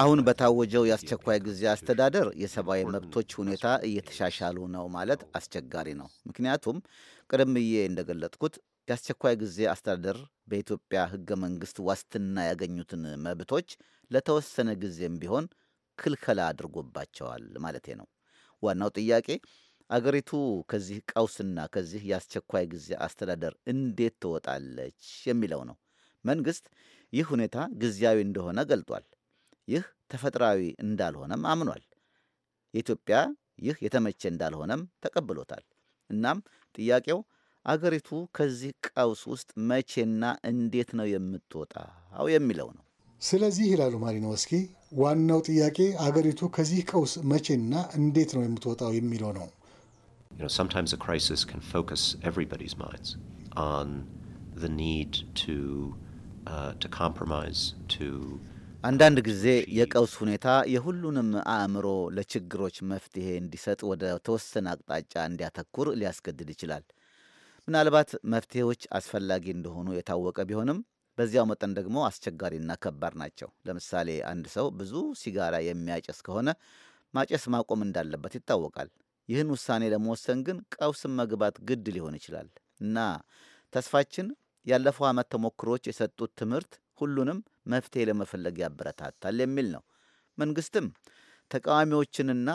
አሁን በታወጀው የአስቸኳይ ጊዜ አስተዳደር የሰብአዊ መብቶች ሁኔታ እየተሻሻሉ ነው ማለት አስቸጋሪ ነው። ምክንያቱም ቀደም እንደገለጥኩት የአስቸኳይ ጊዜ አስተዳደር በኢትዮጵያ ሕገ መንግሥት ዋስትና ያገኙትን መብቶች ለተወሰነ ጊዜም ቢሆን ክልከላ አድርጎባቸዋል ማለቴ ነው። ዋናው ጥያቄ አገሪቱ ከዚህ ቀውስና ከዚህ የአስቸኳይ ጊዜ አስተዳደር እንዴት ትወጣለች የሚለው ነው። መንግስት ይህ ሁኔታ ጊዜያዊ እንደሆነ ገልጧል። ይህ ተፈጥሯዊ እንዳልሆነም አምኗል። የኢትዮጵያ ይህ የተመቸ እንዳልሆነም ተቀብሎታል። እናም ጥያቄው አገሪቱ ከዚህ ቀውስ ውስጥ መቼና እንዴት ነው የምትወጣው የሚለው ነው። ስለዚህ ይላሉ ማሪኖ ወስኪ፣ ዋናው ጥያቄ አገሪቱ ከዚህ ቀውስ መቼና እንዴት ነው የምትወጣው የሚለው ነው። You know, sometimes a crisis can focus everybody's minds on the need to, uh, to compromise, to uh, አንዳንድ ጊዜ የቀውስ ሁኔታ የሁሉንም አእምሮ ለችግሮች መፍትሄ እንዲሰጥ ወደ ተወሰነ አቅጣጫ እንዲያተኩር ሊያስገድድ ይችላል። ምናልባት መፍትሄዎች አስፈላጊ እንደሆኑ የታወቀ ቢሆንም በዚያው መጠን ደግሞ አስቸጋሪና ከባድ ናቸው። ለምሳሌ አንድ ሰው ብዙ ሲጋራ የሚያጨስ ከሆነ ማጨስ ማቆም እንዳለበት ይታወቃል። ይህን ውሳኔ ለመወሰን ግን ቀውስን መግባት ግድ ሊሆን ይችላል እና ተስፋችን ያለፈው ዓመት ተሞክሮች የሰጡት ትምህርት ሁሉንም መፍትሄ ለመፈለግ ያበረታታል የሚል ነው። መንግስትም ተቃዋሚዎችንና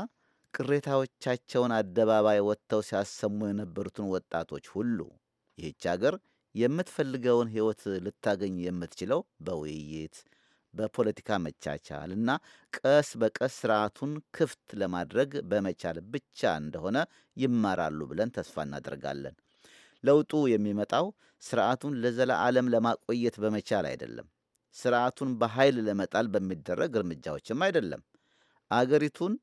ቅሬታዎቻቸውን አደባባይ ወጥተው ሲያሰሙ የነበሩትን ወጣቶች ሁሉ ይህች አገር የምትፈልገውን ሕይወት ልታገኝ የምትችለው በውይይት በፖለቲካ መቻቻል እና ቀስ በቀስ ስርዓቱን ክፍት ለማድረግ በመቻል ብቻ እንደሆነ ይማራሉ ብለን ተስፋ እናደርጋለን። ለውጡ የሚመጣው ስርዓቱን ለዘላለም ለማቆየት በመቻል አይደለም። ስርዓቱን በኃይል ለመጣል በሚደረግ እርምጃዎችም አይደለም። አገሪቱን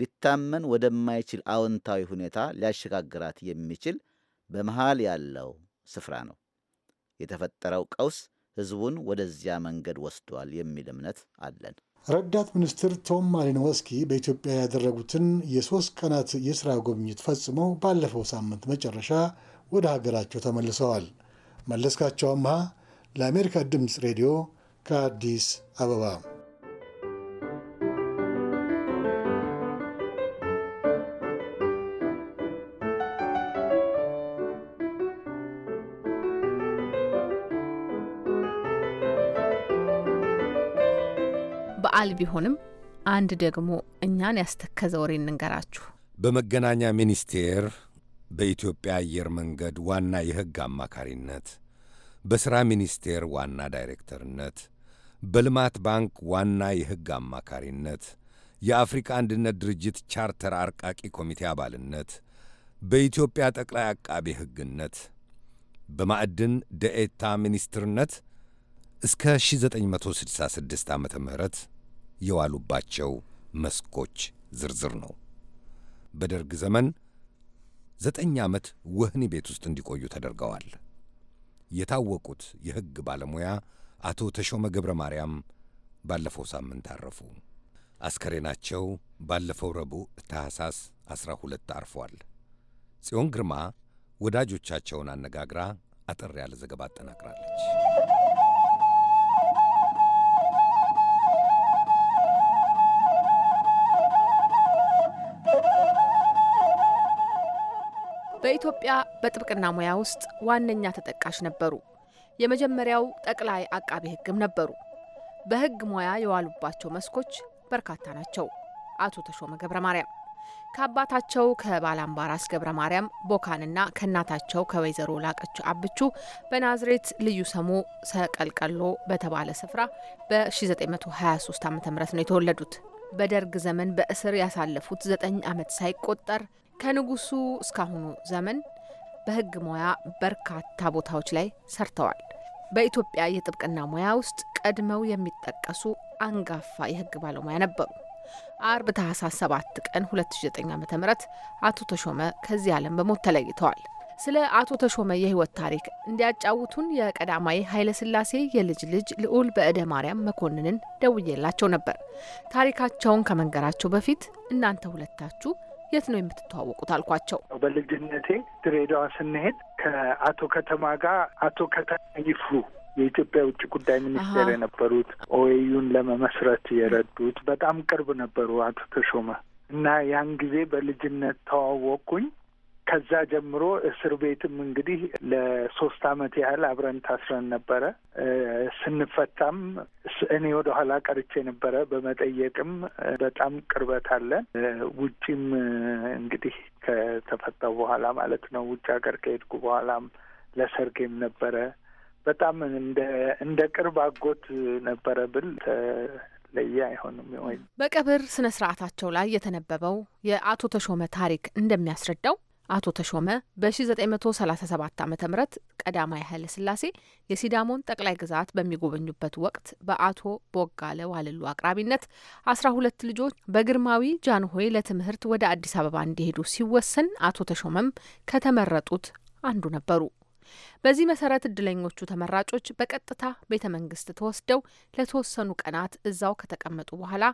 ሊታመን ወደማይችል አዎንታዊ ሁኔታ ሊያሸጋግራት የሚችል በመሃል ያለው ስፍራ ነው። የተፈጠረው ቀውስ ህዝቡን ወደዚያ መንገድ ወስዷል የሚል እምነት አለን። ረዳት ሚኒስትር ቶም ማሊኖወስኪ በኢትዮጵያ ያደረጉትን የሶስት ቀናት የሥራ ጉብኝት ፈጽመው ባለፈው ሳምንት መጨረሻ ወደ ሀገራቸው ተመልሰዋል። መለስካቸው አምሃ ለአሜሪካ ድምፅ ሬዲዮ ከአዲስ አበባ በዓል ቢሆንም አንድ ደግሞ እኛን ያስተከዘ ወሬ እንንገራችሁ። በመገናኛ ሚኒስቴር በኢትዮጵያ አየር መንገድ ዋና የሕግ አማካሪነት፣ በሥራ ሚኒስቴር ዋና ዳይሬክተርነት፣ በልማት ባንክ ዋና የሕግ አማካሪነት፣ የአፍሪካ አንድነት ድርጅት ቻርተር አርቃቂ ኮሚቴ አባልነት፣ በኢትዮጵያ ጠቅላይ አቃቤ ሕግነት፣ በማዕድን ደኤታ ሚኒስትርነት እስከ 1966 ዓ ም የዋሉባቸው መስኮች ዝርዝር ነው። በደርግ ዘመን ዘጠኝ ዓመት ወህኒ ቤት ውስጥ እንዲቆዩ ተደርገዋል። የታወቁት የሕግ ባለሙያ አቶ ተሾመ ገብረ ማርያም ባለፈው ሳምንት አረፉ። አስከሬናቸው ባለፈው ረቡዕ ታህሳስ 12 አርፏል። ጽዮን ግርማ ወዳጆቻቸውን አነጋግራ አጠር ያለ ዘገባ አጠናቅራለች። በኢትዮጵያ በጥብቅና ሙያ ውስጥ ዋነኛ ተጠቃሽ ነበሩ። የመጀመሪያው ጠቅላይ አቃቢ ሕግም ነበሩ። በሕግ ሙያ የዋሉባቸው መስኮች በርካታ ናቸው። አቶ ተሾመ ገብረ ማርያም ከአባታቸው ከባላምባራስ ገብረ ማርያም ቦካንና ከእናታቸው ከወይዘሮ ላቀች አብቹ በናዝሬት ልዩ ስሙ ሰቀልቀሎ በተባለ ስፍራ በ1923 ዓ ም ነው የተወለዱት። በደርግ ዘመን በእስር ያሳለፉት ዘጠኝ ዓመት ሳይቆጠር ከንጉሱ እስካሁኑ ዘመን በሕግ ሙያ በርካታ ቦታዎች ላይ ሰርተዋል። በኢትዮጵያ የጥብቅና ሙያ ውስጥ ቀድመው የሚጠቀሱ አንጋፋ የሕግ ባለሙያ ነበሩ። አርብ ታህሳስ 7 ቀን 2009 ዓ ም አቶ ተሾመ ከዚህ ዓለም በሞት ተለይተዋል። ስለ አቶ ተሾመ የህይወት ታሪክ እንዲያጫውቱን የቀዳማዊ ስላሴ የልጅ ልጅ ልዑል በእደ ማርያም መኮንንን ደውዬላቸው ነበር። ታሪካቸውን ከመንገራቸው በፊት እናንተ ሁለታችሁ የት ነው የምትተዋወቁት? አልኳቸው። በልጅነቴ ድሬዳዋ ስንሄድ ከአቶ ከተማ ጋር አቶ ከተማ ይፍሩ የኢትዮጵያ ውጭ ጉዳይ ሚኒስቴር የነበሩት ኦኤዩን ለመመስረት የረዱት በጣም ቅርብ ነበሩ አቶ ተሾመ እና ያን ጊዜ በልጅነት ተዋወቅኩኝ። ከዛ ጀምሮ እስር ቤትም እንግዲህ ለሶስት አመት ያህል አብረን ታስረን ነበረ። ስንፈታም እኔ ወደ ኋላ ቀርቼ ነበረ። በመጠየቅም በጣም ቅርበት አለን። ውጪም እንግዲህ ከተፈታው በኋላ ማለት ነው ውጭ ሀገር ከሄድኩ በኋላም ለሰርጌም ነበረ። በጣም እንደ እንደ ቅርብ አጎት ነበረ ብል ለየ አይሆንም። ወይም በቀብር ስነ ስርዓታቸው ላይ የተነበበው የአቶ ተሾመ ታሪክ እንደሚያስረዳው አቶ ተሾመ በ1937 ዓ ም ቀዳማዊ ኃይለ ሥላሴ የሲዳሞን ጠቅላይ ግዛት በሚጎበኙበት ወቅት በአቶ ቦጋለ ዋልሉ አቅራቢነት አስራ ሁለት ልጆች በግርማዊ ጃንሆይ ለትምህርት ወደ አዲስ አበባ እንዲሄዱ ሲወሰን አቶ ተሾመም ከተመረጡት አንዱ ነበሩ። በዚህ መሰረት እድለኞቹ ተመራጮች በቀጥታ ቤተ መንግስት ተወስደው ለተወሰኑ ቀናት እዛው ከተቀመጡ በኋላ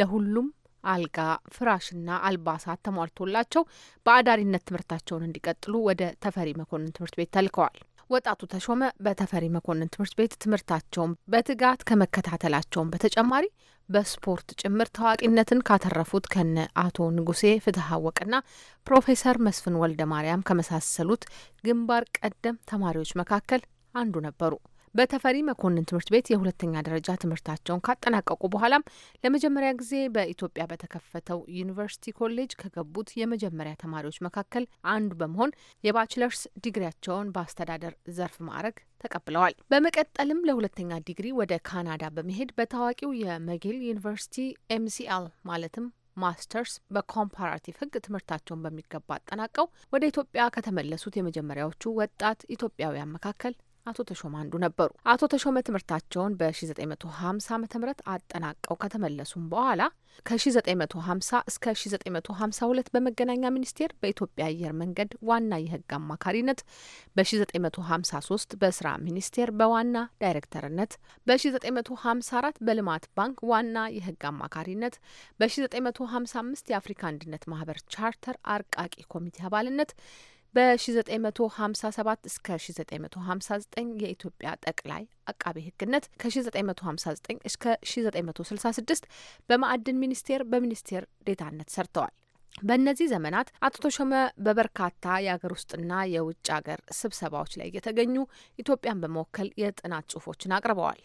ለሁሉም አልጋ፣ ፍራሽና አልባሳት ተሟልቶላቸው በአዳሪነት ትምህርታቸውን እንዲቀጥሉ ወደ ተፈሪ መኮንን ትምህርት ቤት ተልከዋል። ወጣቱ ተሾመ በተፈሪ መኮንን ትምህርት ቤት ትምህርታቸውን በትጋት ከመከታተላቸውን በተጨማሪ በስፖርት ጭምር ታዋቂነትን ካተረፉት ከነ አቶ ንጉሴ ፍትሐወቅና ፕሮፌሰር መስፍን ወልደ ማርያም ከመሳሰሉት ግንባር ቀደም ተማሪዎች መካከል አንዱ ነበሩ። በተፈሪ መኮንን ትምህርት ቤት የሁለተኛ ደረጃ ትምህርታቸውን ካጠናቀቁ በኋላም ለመጀመሪያ ጊዜ በኢትዮጵያ በተከፈተው ዩኒቨርሲቲ ኮሌጅ ከገቡት የመጀመሪያ ተማሪዎች መካከል አንዱ በመሆን የባችለርስ ዲግሪያቸውን በአስተዳደር ዘርፍ ማዕረግ ተቀብለዋል። በመቀጠልም ለሁለተኛ ዲግሪ ወደ ካናዳ በመሄድ በታዋቂው የመጊል ዩኒቨርሲቲ ኤምሲኤል ማለትም ማስተርስ በኮምፓራቲቭ ሕግ ትምህርታቸውን በሚገባ አጠናቀው ወደ ኢትዮጵያ ከተመለሱት የመጀመሪያዎቹ ወጣት ኢትዮጵያውያን መካከል አቶ ተሾመ አንዱ ነበሩ። አቶ ተሾመ ትምህርታቸውን በ1950 ዓ ም አጠናቀው ከተመለሱም በኋላ ከ1950 እስከ 1952 በመገናኛ ሚኒስቴር በኢትዮጵያ አየር መንገድ ዋና የህግ አማካሪነት፣ በ1953 በስራ ሚኒስቴር በዋና ዳይሬክተርነት፣ በ1954 በልማት ባንክ ዋና የህግ አማካሪነት፣ በ1955 የአፍሪካ አንድነት ማህበር ቻርተር አርቃቂ ኮሚቴ አባልነት በ1957 እስከ 1959 የኢትዮጵያ ጠቅላይ አቃቤ ሕግነት ከ1959 እስከ 1966 በማዕድን ሚኒስቴር በሚኒስቴር ዴታነት ሰርተዋል። በእነዚህ ዘመናት አቶ ተሾመ በበርካታ የአገር ውስጥና የውጭ ሀገር ስብሰባዎች ላይ እየተገኙ ኢትዮጵያን በመወከል የጥናት ጽሁፎችን አቅርበዋል።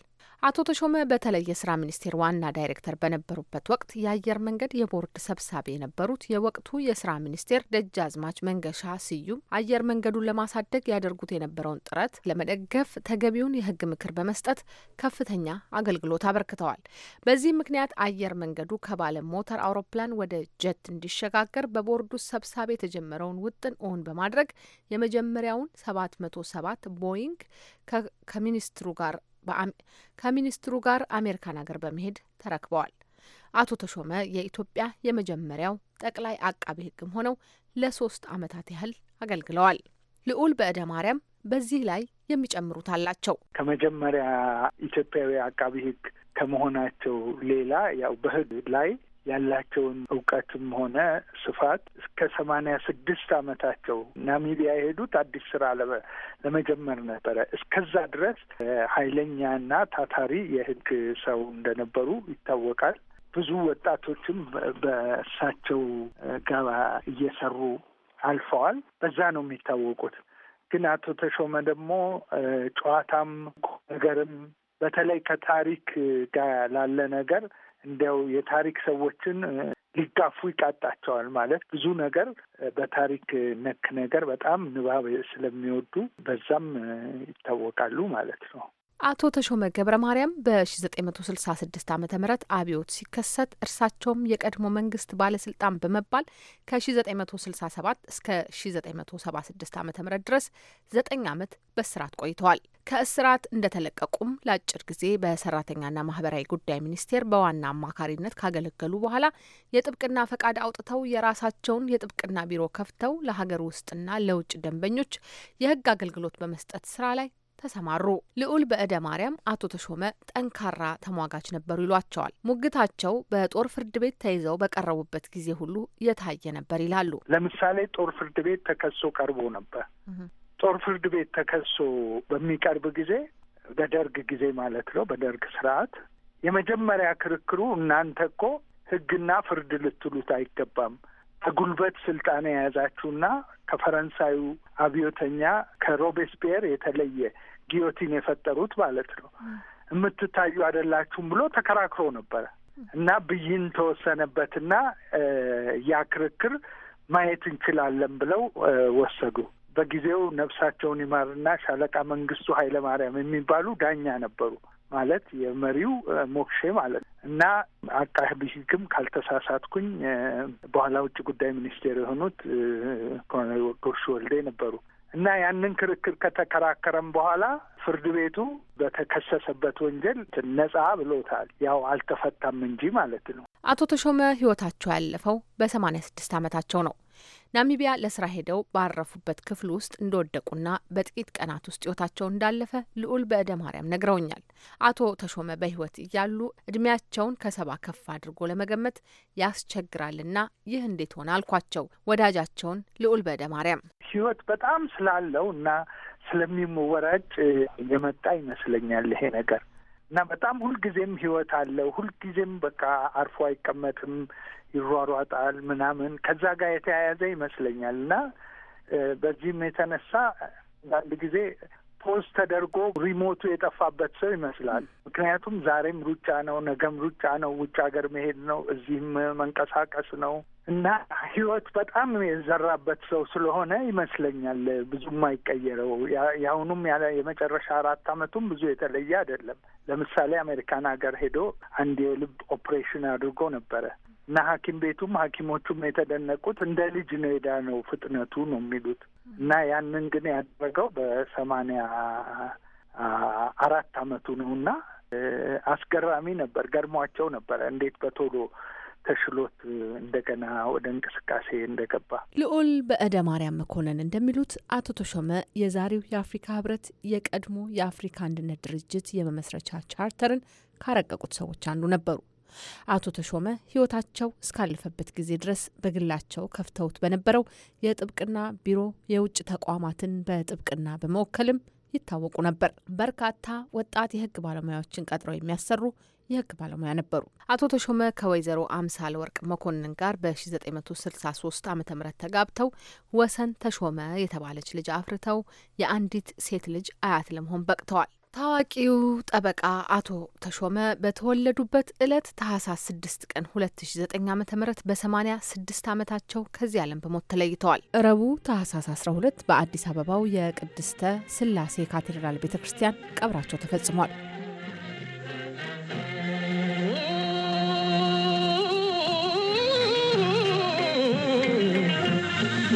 አቶ ተሾመ በተለይ የስራ ሚኒስቴር ዋና ዳይሬክተር በነበሩበት ወቅት የአየር መንገድ የቦርድ ሰብሳቢ የነበሩት የወቅቱ የስራ ሚኒስቴር ደጃዝማች መንገሻ ስዩም አየር መንገዱን ለማሳደግ ያደርጉት የነበረውን ጥረት ለመደገፍ ተገቢውን የሕግ ምክር በመስጠት ከፍተኛ አገልግሎት አበርክተዋል። በዚህ ምክንያት አየር መንገዱ ከባለ ሞተር አውሮፕላን ወደ ጀት እንዲሸጋገር በቦርዱ ሰብሳቢ የተጀመረውን ውጥን ኦን በማድረግ የመጀመሪያውን ሰባት መቶ ሰባት ቦይንግ ከሚኒስትሩ ጋር ከሚኒስትሩ ጋር አሜሪካን ሀገር በመሄድ ተረክበዋል። አቶ ተሾመ የኢትዮጵያ የመጀመሪያው ጠቅላይ አቃቢ ሕግም ሆነው ለሶስት ዓመታት ያህል አገልግለዋል። ልዑል በእደ ማርያም በዚህ ላይ የሚጨምሩት አላቸው። ከመጀመሪያ ኢትዮጵያዊ አቃቢ ሕግ ከመሆናቸው ሌላ ያው በህግ ላይ ያላቸውን እውቀትም ሆነ ስፋት እስከ ሰማንያ ስድስት አመታቸው ናሚቢያ የሄዱት አዲስ ስራ ለመጀመር ነበረ። እስከዛ ድረስ ኃይለኛና ታታሪ የህግ ሰው እንደነበሩ ይታወቃል። ብዙ ወጣቶችም በእሳቸው ጋባ እየሰሩ አልፈዋል። በዛ ነው የሚታወቁት። ግን አቶ ተሾመ ደግሞ ጨዋታም ነገርም በተለይ ከታሪክ ጋር ላለ ነገር እንዲያው የታሪክ ሰዎችን ሊጋፉ ይቃጣቸዋል ማለት ብዙ ነገር በታሪክ ነክ ነገር በጣም ንባብ ስለሚወዱ በዛም ይታወቃሉ ማለት ነው። አቶ ተሾመ ገብረ ማርያም በ1966 ዓ ም አብዮት ሲከሰት እርሳቸውም የቀድሞ መንግስት ባለስልጣን በመባል ከ1967 እስከ 1976 ዓ ም ድረስ ዘጠኝ ዓመት በስርዓት ቆይተዋል። ከእስራት እንደተለቀቁም ለአጭር ጊዜ በሰራተኛና ማህበራዊ ጉዳይ ሚኒስቴር በዋና አማካሪነት ካገለገሉ በኋላ የጥብቅና ፈቃድ አውጥተው የራሳቸውን የጥብቅና ቢሮ ከፍተው ለሀገር ውስጥና ለውጭ ደንበኞች የሕግ አገልግሎት በመስጠት ስራ ላይ ተሰማሩ። ልዑል በእደ ማርያም አቶ ተሾመ ጠንካራ ተሟጋች ነበሩ ይሏቸዋል። ሙግታቸው በጦር ፍርድ ቤት ተይዘው በቀረቡበት ጊዜ ሁሉ የታየ ነበር ይላሉ። ለምሳሌ ጦር ፍርድ ቤት ተከሶ ቀርቦ ነበር ጦር ፍርድ ቤት ተከሶ በሚቀርብ ጊዜ በደርግ ጊዜ ማለት ነው፣ በደርግ ስርዓት የመጀመሪያ ክርክሩ እናንተ እኮ ህግና ፍርድ ልትሉት አይገባም ከጉልበት ስልጣን የያዛችሁና ከፈረንሳዩ አብዮተኛ ከሮቤስፒየር የተለየ ጊዮቲን የፈጠሩት ማለት ነው የምትታዩ አይደላችሁም ብሎ ተከራክሮ ነበረ እና ብይን ተወሰነበትና ያ ክርክር ማየት እንችላለን ብለው ወሰዱ። በጊዜው ነፍሳቸውን ይማርና ሻለቃ መንግስቱ ኃይለ ማርያም የሚባሉ ዳኛ ነበሩ። ማለት የመሪው ሞክሼ ማለት እና አቃቤ ሕግም ካልተሳሳትኩኝ በኋላ ውጭ ጉዳይ ሚኒስቴር የሆኑት ኮሎኔል ጎሹ ወልዴ ነበሩ እና ያንን ክርክር ከተከራከረም በኋላ ፍርድ ቤቱ በተከሰሰበት ወንጀል ነጻ ብሎታል። ያው አልተፈታም እንጂ ማለት ነው። አቶ ተሾመ ህይወታቸው ያለፈው በሰማኒያ ስድስት አመታቸው ነው። ናሚቢያ ለስራ ሄደው ባረፉበት ክፍል ውስጥ እንደወደቁና በጥቂት ቀናት ውስጥ ህይወታቸው እንዳለፈ ልዑል በእደ ማርያም ነግረውኛል። አቶ ተሾመ በህይወት እያሉ እድሜያቸውን ከሰባ ከፍ አድርጎ ለመገመት ያስቸግራልና ይህ እንዴት ሆነ አልኳቸው። ወዳጃቸውን ልዑል በእደ ማርያም ህይወት በጣም ስላለው እና ስለሚወራጭ የመጣ ይመስለኛል ይሄ ነገር እና በጣም ሁልጊዜም ህይወት አለው። ሁልጊዜም በቃ አርፎ አይቀመጥም፣ ይሯሯጣል ምናምን ከዛ ጋር የተያያዘ ይመስለኛል እና በዚህም የተነሳ አንድ ጊዜ ፖዝ ተደርጎ ሪሞቱ የጠፋበት ሰው ይመስላል። ምክንያቱም ዛሬም ሩጫ ነው፣ ነገም ሩጫ ነው፣ ውጭ ሀገር መሄድ ነው፣ እዚህም መንቀሳቀስ ነው እና ህይወት በጣም የዘራበት ሰው ስለሆነ ይመስለኛል ብዙም አይቀየረው። የአሁኑም ያለ የመጨረሻ አራት አመቱም ብዙ የተለየ አይደለም። ለምሳሌ አሜሪካን ሀገር ሄዶ አንድ የልብ ኦፕሬሽን አድርጎ ነበረ። እና ሐኪም ቤቱም ሐኪሞቹም የተደነቁት እንደ ልጅ ነው ፍጥነቱ ነው የሚሉት እና ያንን ግን ያደረገው በሰማንያ አራት አመቱ ነው እና አስገራሚ ነበር። ገርሟቸው ነበረ እንዴት በቶሎ ተሽሎት እንደገና ወደ እንቅስቃሴ እንደገባ። ልዑል በእደ ማርያም መኮንን እንደሚሉት አቶ ተሾመ የዛሬው የአፍሪካ ህብረት የቀድሞ የአፍሪካ አንድነት ድርጅት የመመስረቻ ቻርተርን ካረቀቁት ሰዎች አንዱ ነበሩ። አቶ ተሾመ ህይወታቸው እስካለፈበት ጊዜ ድረስ በግላቸው ከፍተውት በነበረው የጥብቅና ቢሮ የውጭ ተቋማትን በጥብቅና በመወከልም ይታወቁ ነበር። በርካታ ወጣት የህግ ባለሙያዎችን ቀጥረው የሚያሰሩ የህግ ባለሙያ ነበሩ። አቶ ተሾመ ከወይዘሮ አምሳል ወርቅ መኮንን ጋር በ1963 ዓ ም ተጋብተው ወሰን ተሾመ የተባለች ልጅ አፍርተው የአንዲት ሴት ልጅ አያት ለመሆን በቅተዋል። ታዋቂው ጠበቃ አቶ ተሾመ በተወለዱበት ዕለት ታህሳስ 6 ቀን 2009 ዓም ም በ86 ዓመታቸው ከዚህ ዓለም በሞት ተለይተዋል። ረቡዕ ታህሳስ 12 በአዲስ አበባው የቅድስተ ስላሴ ካቴድራል ቤተክርስቲያን ቀብራቸው ተፈጽሟል።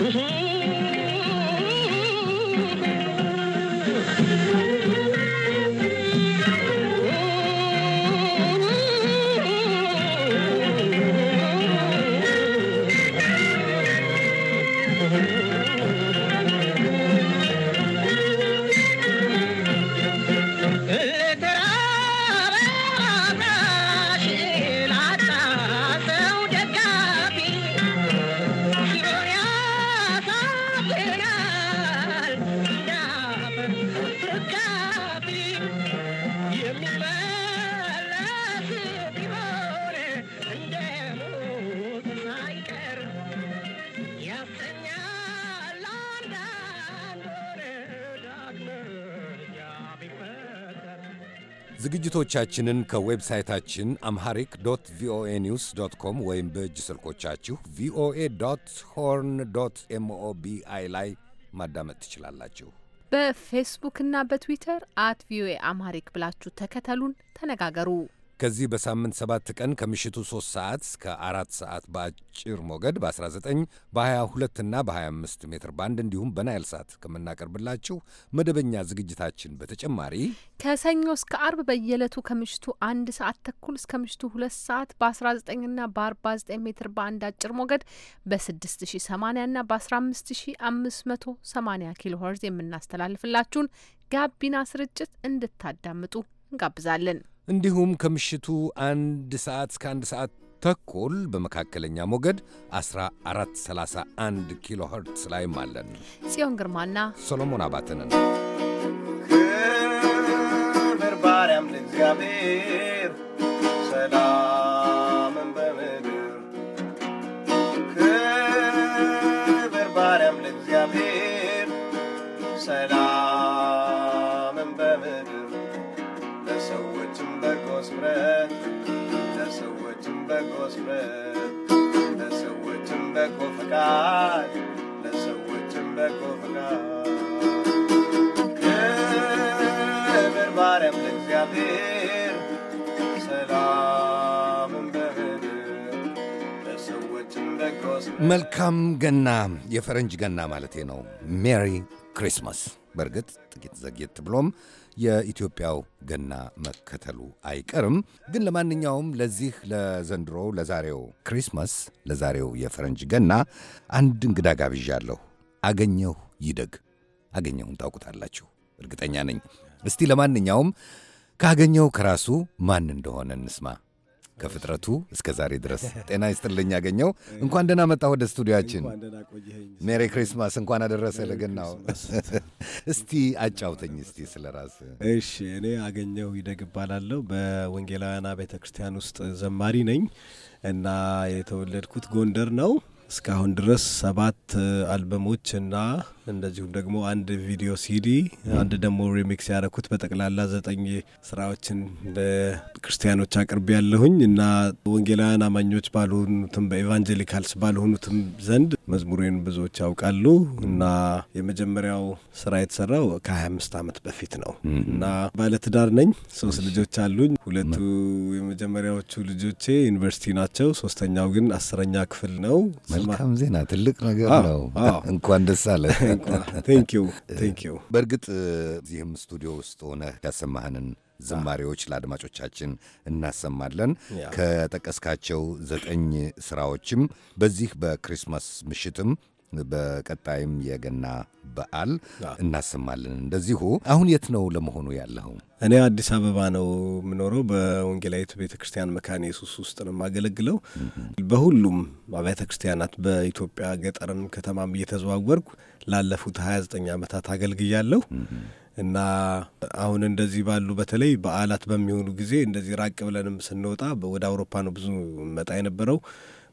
Mm-hmm. ዝግጅቶቻችንን ከዌብሳይታችን አምሃሪክ ዶት ቪኦኤ ኒውስ ዶት ኮም ወይም በእጅ ስልኮቻችሁ ቪኦኤ ዶት ሆርን ዶት ኤምኦቢአይ ላይ ማዳመጥ ትችላላችሁ። በፌስቡክና በትዊተር አት ቪኦኤ አምሃሪክ ብላችሁ ተከተሉን፣ ተነጋገሩ። ከዚህ በሳምንት ሰባት ቀን ከምሽቱ 3 ሰዓት እስከ 4 ሰዓት በአጭር ሞገድ በ19 በ22 እና በ25 ሜትር ባንድ እንዲሁም በናይል ሳት ከምናቀርብላችሁ መደበኛ ዝግጅታችን በተጨማሪ ከሰኞ እስከ አርብ በየዕለቱ ከምሽቱ አንድ ሰዓት ተኩል እስከ ምሽቱ 2 ሰዓት በ19 እና በ49 ሜትር ባንድ አጭር ሞገድ በ6080 እና በ15580 ኪሎ ሄርዝ የምናስተላልፍላችሁን ጋቢና ስርጭት እንድታዳምጡ እንጋብዛለን። እንዲሁም ከምሽቱ አንድ ሰዓት እስከ አንድ ሰዓት ተኩል በመካከለኛ ሞገድ 1431 ኪሎ ኸርትስ ላይ አለን። ጽዮን ግርማና ሶሎሞን አባተንን ክብር ባርያም ለእግዚአብሔር ሰላምን በምድር ክብር ባርያም ለእግዚአብሔር ሰላም በጎ መልካም ገና የፈረንጅ ገና ማለቴ ነው ሜሪ ክሪስማስ በእርግጥ ጥቂት ዘግየት ብሎም የኢትዮጵያው ገና መከተሉ አይቀርም። ግን ለማንኛውም ለዚህ ለዘንድሮው ለዛሬው ክሪስማስ ለዛሬው የፈረንጅ ገና አንድ እንግዳ ጋብዣለሁ። አገኘሁ ይደግ አገኘሁን ታውቁታላችሁ እርግጠኛ ነኝ። እስቲ ለማንኛውም ካገኘው ከራሱ ማን እንደሆነ እንስማ። ከፍጥረቱ እስከ ዛሬ ድረስ ጤና ይስጥልኝ። ያገኘው እንኳን ደህና መጣ ወደ ስቱዲያችን። ሜሪ ክሪስማስ፣ እንኳን አደረሰ ለገናው። (laughs) እስቲ አጫውተኝ እስቲ ስለ ራስ። እሺ፣ እኔ አገኘው ይደግ እባላለሁ። በወንጌላውያና ቤተ ክርስቲያን ውስጥ ዘማሪ ነኝ እና የተወለድኩት ጎንደር ነው። እስካሁን ድረስ ሰባት አልበሞች እና እንደዚሁም ደግሞ አንድ ቪዲዮ ሲዲ፣ አንድ ደግሞ ሪሚክስ ያደረኩት በጠቅላላ ዘጠኝ ስራዎችን ለክርስቲያኖች አቅርቤ ያለሁኝ እና ወንጌላውያን አማኞች ባልሆኑትም በኤቫንጀሊካልስ ባልሆኑትም ዘንድ መዝሙሬን ብዙዎች ያውቃሉ እና የመጀመሪያው ስራ የተሰራው ከ25 ዓመት በፊት ነው እና ባለትዳር ነኝ። ሶስት ልጆች አሉኝ። ሁለቱ የመጀመሪያዎቹ ልጆቼ ዩኒቨርሲቲ ናቸው። ሶስተኛው ግን አስረኛ ክፍል ነው። መልካም ዜና፣ ትልቅ ነገር ነው። እንኳን ደስ አለ። ቴንኪው በእርግጥ እዚህም ስቱዲዮ ውስጥ ሆነ ያሰማህንን ዝማሬዎች ለአድማጮቻችን እናሰማለን። ከጠቀስካቸው ዘጠኝ ስራዎችም በዚህ በክሪስማስ ምሽትም በቀጣይም የገና በዓል እናሰማለን። እንደዚሁ አሁን የት ነው ለመሆኑ ያለው እኔ አዲስ አበባ ነው የምኖረው። በወንጌላዊት ቤተ ክርስቲያን መካነ ኢየሱስ ውስጥ ነው የማገለግለው። በሁሉም አብያተ ክርስቲያናት በኢትዮጵያ ገጠርም ከተማም እየተዘዋወርኩ ላለፉት 29 ዓመታት አገልግያለሁ እና አሁን እንደዚህ ባሉ በተለይ በዓላት በሚሆኑ ጊዜ እንደዚህ ራቅ ብለንም ስንወጣ ወደ አውሮፓ ነው ብዙ መጣ የነበረው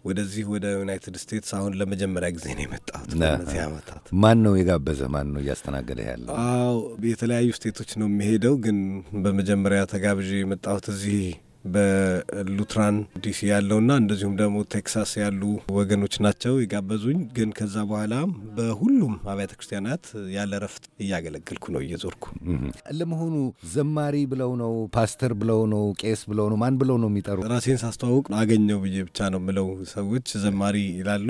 ወደዚህ ወደ ዩናይትድ ስቴትስ አሁን ለመጀመሪያ ጊዜ ነው የመጣሁት። እነዚህ ዓመታት ማን ነው የጋበዘ? ማን ነው እያስተናገደ ያለ? አዎ የተለያዩ ስቴቶች ነው የሚሄደው፣ ግን በመጀመሪያ ተጋብዤ የመጣሁት እዚህ በሉትራን ዲሲ ያለውና እንደዚሁም ደግሞ ቴክሳስ ያሉ ወገኖች ናቸው የጋበዙኝ። ግን ከዛ በኋላ በሁሉም አብያተ ክርስቲያናት ያለ ረፍት እያገለገልኩ ነው እየዞርኩ። ለመሆኑ ዘማሪ ብለው ነው ፓስተር ብለው ነው ቄስ ብለው ነው ማን ብለው ነው የሚጠሩ? ራሴን ሳስተዋውቅ አገኘው ብዬ ብቻ ነው ምለው። ሰዎች ዘማሪ ይላሉ።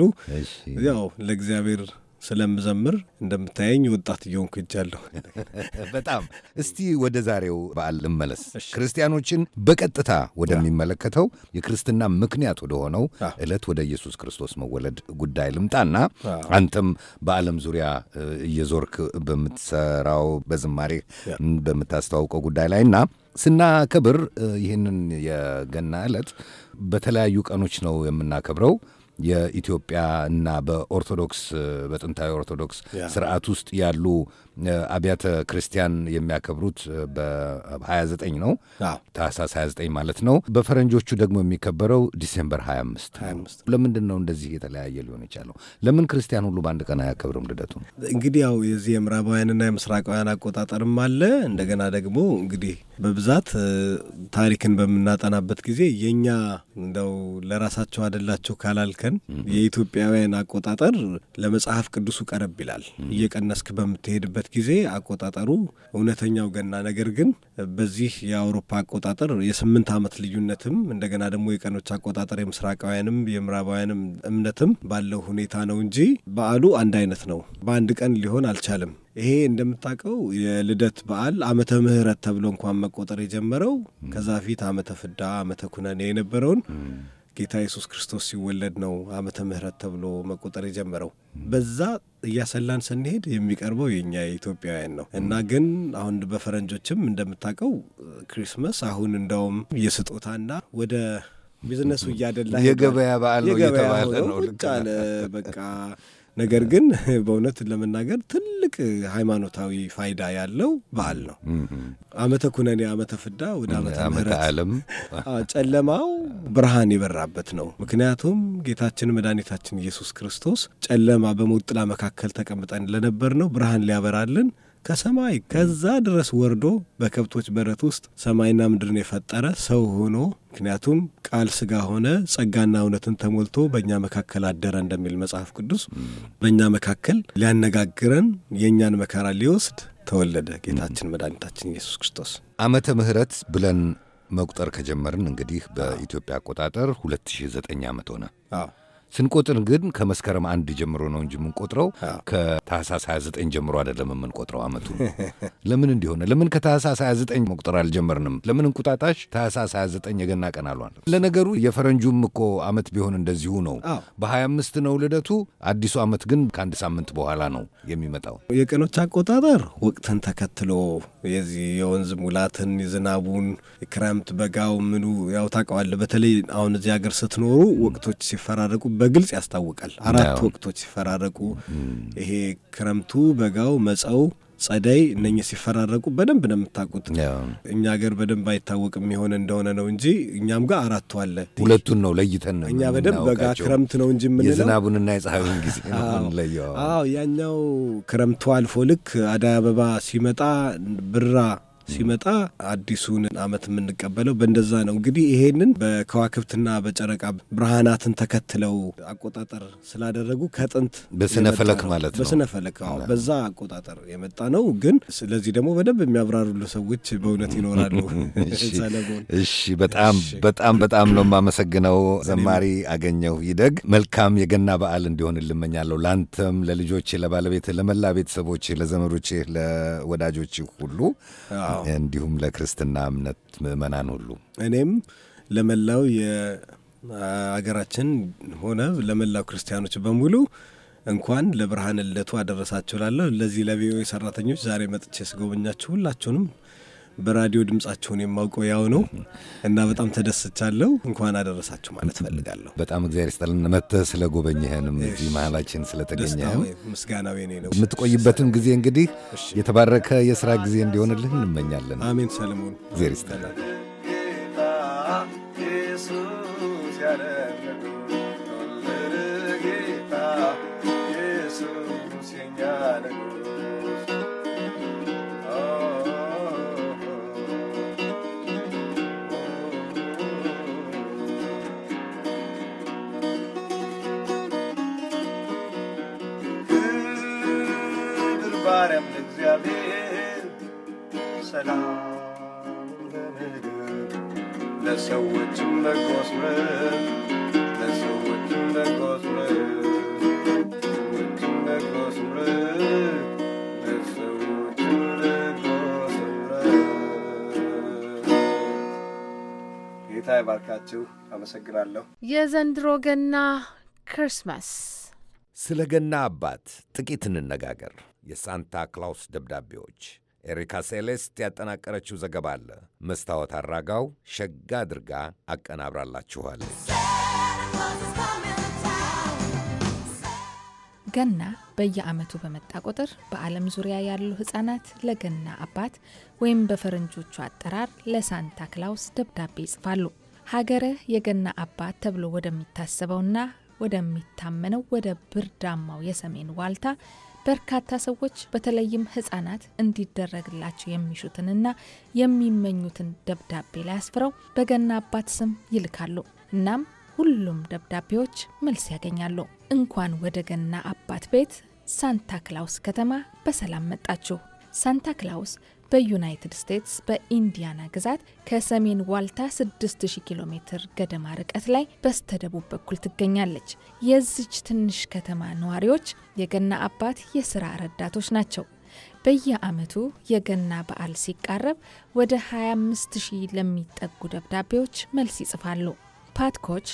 ያው ለእግዚአብሔር ስለምዘምር እንደምታየኝ ወጣት እየሆንኩ ሄጃለሁ። (laughs) በጣም እስቲ ወደ ዛሬው በዓል ልመለስ። ክርስቲያኖችን በቀጥታ ወደሚመለከተው የክርስትና ምክንያት ወደሆነው ዕለት ወደ ኢየሱስ ክርስቶስ መወለድ ጉዳይ ልምጣና አንተም በዓለም ዙሪያ እየዞርክ በምትሰራው በዝማሬ በምታስተዋውቀው ጉዳይ ላይና ስናከብር ይህንን የገና ዕለት በተለያዩ ቀኖች ነው የምናከብረው። የኢትዮጵያና በኦርቶዶክስ በጥንታዊ ኦርቶዶክስ ስርዓት ውስጥ ያሉ አብያተ ክርስቲያን የሚያከብሩት በ29 ነው፣ ታህሳስ 29 ማለት ነው። በፈረንጆቹ ደግሞ የሚከበረው ዲሴምበር 25 ነው። ለምንድን ነው እንደዚህ የተለያየ ሊሆን የቻለው? ለምን ክርስቲያን ሁሉ በአንድ ቀን አያከብርም ልደቱ? እንግዲህ ያው የዚህ የምዕራባውያንና የምስራቃውያን አቆጣጠርም አለ። እንደገና ደግሞ እንግዲህ በብዛት ታሪክን በምናጠናበት ጊዜ የእኛ እንደው ለራሳቸው አደላቸው ካላልከን የኢትዮጵያውያን አቆጣጠር ለመጽሐፍ ቅዱሱ ቀረብ ይላል። እየቀነስክ በምትሄድበት በሚሆንበት ጊዜ አቆጣጠሩ እውነተኛው ገና ነገር ግን በዚህ የአውሮፓ አቆጣጠር የስምንት ዓመት ልዩነትም እንደገና ደግሞ የቀኖች አቆጣጠር የምስራቃውያንም የምዕራባውያንም እምነትም ባለው ሁኔታ ነው እንጂ በዓሉ አንድ አይነት ነው። በአንድ ቀን ሊሆን አልቻለም። ይሄ እንደምታውቀው የልደት በዓል ዓመተ ምሕረት ተብሎ እንኳን መቆጠር የጀመረው ከዛ ፊት ዓመተ ፍዳ ዓመተ ኩነኔ የነበረውን ጌታ ኢየሱስ ክርስቶስ ሲወለድ ነው ዓመተ ምሕረት ተብሎ መቆጠር የጀመረው። በዛ እያሰላን ስንሄድ የሚቀርበው የኛ የኢትዮጵያውያን ነው እና ግን አሁን በፈረንጆችም እንደምታውቀው ክሪስመስ አሁን እንደውም የስጦታና ወደ ቢዝነሱ እያደላ የገበያ በዓል ነው እየተባለ ነው። በቃ ነገር ግን (laughs) በእውነት ለመናገር ትልቅ ሃይማኖታዊ ፋይዳ ያለው በዓል ነው። አመተ ኩነኔ፣ ዓመተ ፍዳ ወደ አመተ ምሕረት (laughs) ጨለማው ብርሃን የበራበት ነው። ምክንያቱም ጌታችን መድኃኒታችን ኢየሱስ ክርስቶስ ጨለማ በሞት ጥላ መካከል ተቀምጠን ለነበር ነው ብርሃን ሊያበራልን ከሰማይ ከዛ ድረስ ወርዶ በከብቶች በረት ውስጥ ሰማይና ምድርን የፈጠረ ሰው ሆኖ ምክንያቱም ቃል ስጋ ሆነ ጸጋና እውነትን ተሞልቶ በእኛ መካከል አደረ እንደሚል መጽሐፍ ቅዱስ በእኛ መካከል ሊያነጋግረን የእኛን መከራ ሊወስድ ተወለደ ጌታችን መድኃኒታችን ኢየሱስ ክርስቶስ። ዓመተ ምሕረት ብለን መቁጠር ከጀመርን እንግዲህ በኢትዮጵያ አቆጣጠር 2009 ዓመት ሆነ። ስንቆጥር ግን ከመስከረም አንድ ጀምሮ ነው እንጂ የምንቆጥረው ከታህሳስ 29 ጀምሮ አይደለም የምንቆጥረው አመቱ። ለምን እንዲሆነ ለምን ከታህሳስ 29 መቁጠር አልጀመርንም? ለምን እንቁጣጣሽ ታህሳስ 29 የገና ቀን አሏል? ለነገሩ የፈረንጁም እኮ አመት ቢሆን እንደዚሁ ነው። በ25 ነው ልደቱ። አዲሱ አመት ግን ከአንድ ሳምንት በኋላ ነው የሚመጣው። የቀኖች አቆጣጠር ወቅትን ተከትሎ የዚህ የወንዝ ሙላትን፣ የዝናቡን፣ የክረምት በጋው ምኑ ያው ታውቀዋለህ። በተለይ አሁን እዚህ ሀገር ስትኖሩ ወቅቶች ሲፈራረቁ በግልጽ ያስታውቃል። አራት ወቅቶች ሲፈራረቁ ይሄ ክረምቱ፣ በጋው፣ መጸው ጸደይ እነኚህ ሲፈራረቁ በደንብ ነው የምታውቁት። እኛ ሀገር በደንብ አይታወቅም የሆነ እንደሆነ ነው እንጂ እኛም ጋር አራቱ አለ። ሁለቱን ነው ለይተን ነው እኛ በደንብ በጋ ክረምት ነው እንጂ የምንለው የዝናቡንና የፀሐዩን ጊዜ ነው ለየው። አዎ ያኛው ክረምቱ አልፎ ልክ አደይ አበባ ሲመጣ ብራ ሲመጣ አዲሱን አመት የምንቀበለው በእንደዛ ነው። እንግዲህ ይሄንን በከዋክብትና በጨረቃ ብርሃናትን ተከትለው አቆጣጠር ስላደረጉ ከጥንት በስነፈለክ ማለት ነው። በስነፈለክ በዛ አቆጣጠር የመጣ ነው። ግን ስለዚህ ደግሞ በደንብ የሚያብራሩሉ ሰዎች በእውነት ይኖራሉ። (laughs) (laughs) እሺ፣ በጣም በጣም በጣም ነው የማመሰግነው ዘማሪ አገኘሁ ይደግ። መልካም የገና በዓል እንዲሆን ልመኛለሁ ለአንተም፣ ለልጆች፣ ለባለቤት፣ ለመላ ቤተሰቦች፣ ለዘመዶች፣ ለወዳጆች ሁሉ እንዲሁም ለክርስትና እምነት ምእመናን ሁሉ እኔም ለመላው የአገራችን ሆነ ለመላው ክርስቲያኖች በሙሉ እንኳን ለብርሃን ልደቱ አደረሳችሁ ላለሁ። ለዚህ ለቪኦኤ ሰራተኞች ዛሬ መጥቼ ስጎበኛችሁ ሁላችሁንም በራዲዮ ድምጻቸውን የማውቀው ያው ነው እና በጣም ተደስቻለሁ። እንኳን አደረሳችሁ ማለት ፈልጋለሁ። በጣም እግዚአብሔር ይስጥልን ስለ ጎበኝህንም እዚህ መሀላችን ስለተገኘህም ምስጋናዊ ነው። የምትቆይበትን ጊዜ እንግዲህ የተባረከ የስራ ጊዜ እንዲሆንልህ እንመኛለን። አሜን። ሰለሞን እግዚአብሔር ይስጥልን። ኢየሱስ ሰላም በምድር ለሰዎችም ለሰዎችም ጌታ ይባርካችሁ። አመሰግናለሁ። የዘንድሮ ገና ክርስማስ ስለ ገና አባት ጥቂት እንነጋገር። የሳንታ ክላውስ ደብዳቤዎች ኤሪካ ሴሌስት ያጠናቀረችው ዘገባ አለ። መስታወት አራጋው ሸጋ አድርጋ አቀናብራላችኋለች። ገና በየዓመቱ በመጣ ቁጥር በዓለም ዙሪያ ያሉ ሕፃናት ለገና አባት ወይም በፈረንጆቹ አጠራር ለሳንታ ክላውስ ደብዳቤ ይጽፋሉ። ሀገረ የገና አባት ተብሎ ወደሚታሰበውና ወደሚታመነው ወደ ብርዳማው የሰሜን ዋልታ በርካታ ሰዎች በተለይም ህጻናት እንዲደረግላቸው የሚሹትንና የሚመኙትን ደብዳቤ ላይ አስፍረው በገና አባት ስም ይልካሉ። እናም ሁሉም ደብዳቤዎች መልስ ያገኛሉ። እንኳን ወደ ገና አባት ቤት ሳንታ ክላውስ ከተማ በሰላም መጣችሁ። ሳንታ ክላውስ በዩናይትድ ስቴትስ በኢንዲያና ግዛት ከሰሜን ዋልታ 6000 ኪሎ ሜትር ገደማ ርቀት ላይ በስተደቡብ በኩል ትገኛለች። የዚች ትንሽ ከተማ ነዋሪዎች የገና አባት የሥራ ረዳቶች ናቸው። በየአመቱ የገና በዓል ሲቃረብ ወደ 25000 ለሚጠጉ ደብዳቤዎች መልስ ይጽፋሉ። ፓትኮች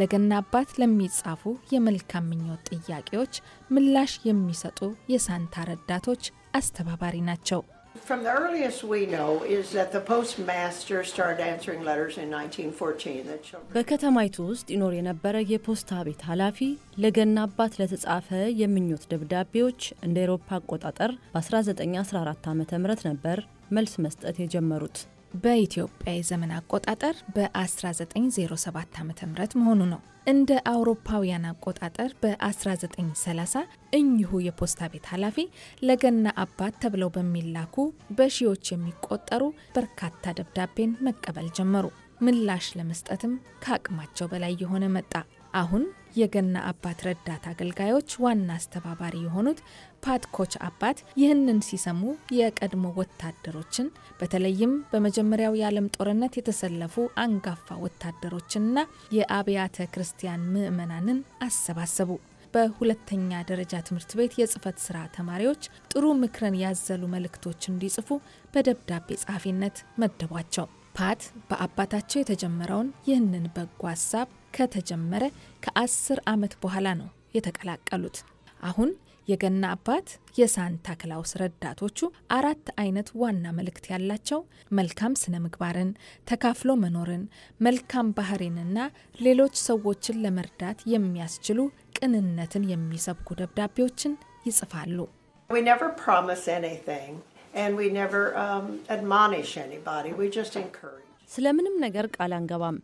ለገና አባት ለሚጻፉ የመልካም ምኞት ጥያቄዎች ምላሽ የሚሰጡ የሳንታ ረዳቶች አስተባባሪ ናቸው። From the earliest we know is that the postmaster started answering letters in 1914. በከተማይቱ ውስጥ ይኖር የነበረ የፖስታ ቤት ኃላፊ ለገና አባት ለተጻፈ የምኞት ደብዳቤዎች እንደ ኤሮፓ አቆጣጠር በ1914 ዓ.ም ነበር መልስ መስጠት የጀመሩት። በኢትዮጵያ የዘመን አቆጣጠር በ1907 ዓ ም መሆኑ ነው። እንደ አውሮፓውያን አቆጣጠር በ1930 እኚሁ የፖስታ ቤት ኃላፊ ለገና አባት ተብለው በሚላኩ በሺዎች የሚቆጠሩ በርካታ ደብዳቤን መቀበል ጀመሩ። ምላሽ ለመስጠትም ከአቅማቸው በላይ የሆነ መጣ። አሁን የገና አባት ረዳት አገልጋዮች ዋና አስተባባሪ የሆኑት ፓትኮች አባት ይህንን ሲሰሙ የቀድሞ ወታደሮችን በተለይም በመጀመሪያው የዓለም ጦርነት የተሰለፉ አንጋፋ ወታደሮችንና የአብያተ ክርስቲያን ምዕመናንን አሰባሰቡ። በሁለተኛ ደረጃ ትምህርት ቤት የጽህፈት ስራ ተማሪዎች ጥሩ ምክርን ያዘሉ መልእክቶች እንዲጽፉ በደብዳቤ ጸሐፊነት መደቧቸው። ፓት በአባታቸው የተጀመረውን ይህንን በጎ ሀሳብ ከተጀመረ ከአስር ዓመት በኋላ ነው የተቀላቀሉት። አሁን የገና አባት የሳንታ ክላውስ ረዳቶቹ አራት አይነት ዋና መልእክት ያላቸው መልካም ስነ ምግባርን፣ ተካፍሎ መኖርን፣ መልካም ባህሪንና ሌሎች ሰዎችን ለመርዳት የሚያስችሉ ቅንነትን የሚሰብኩ ደብዳቤዎችን ይጽፋሉ። um, ስለምንም ነገር ቃል አንገባም።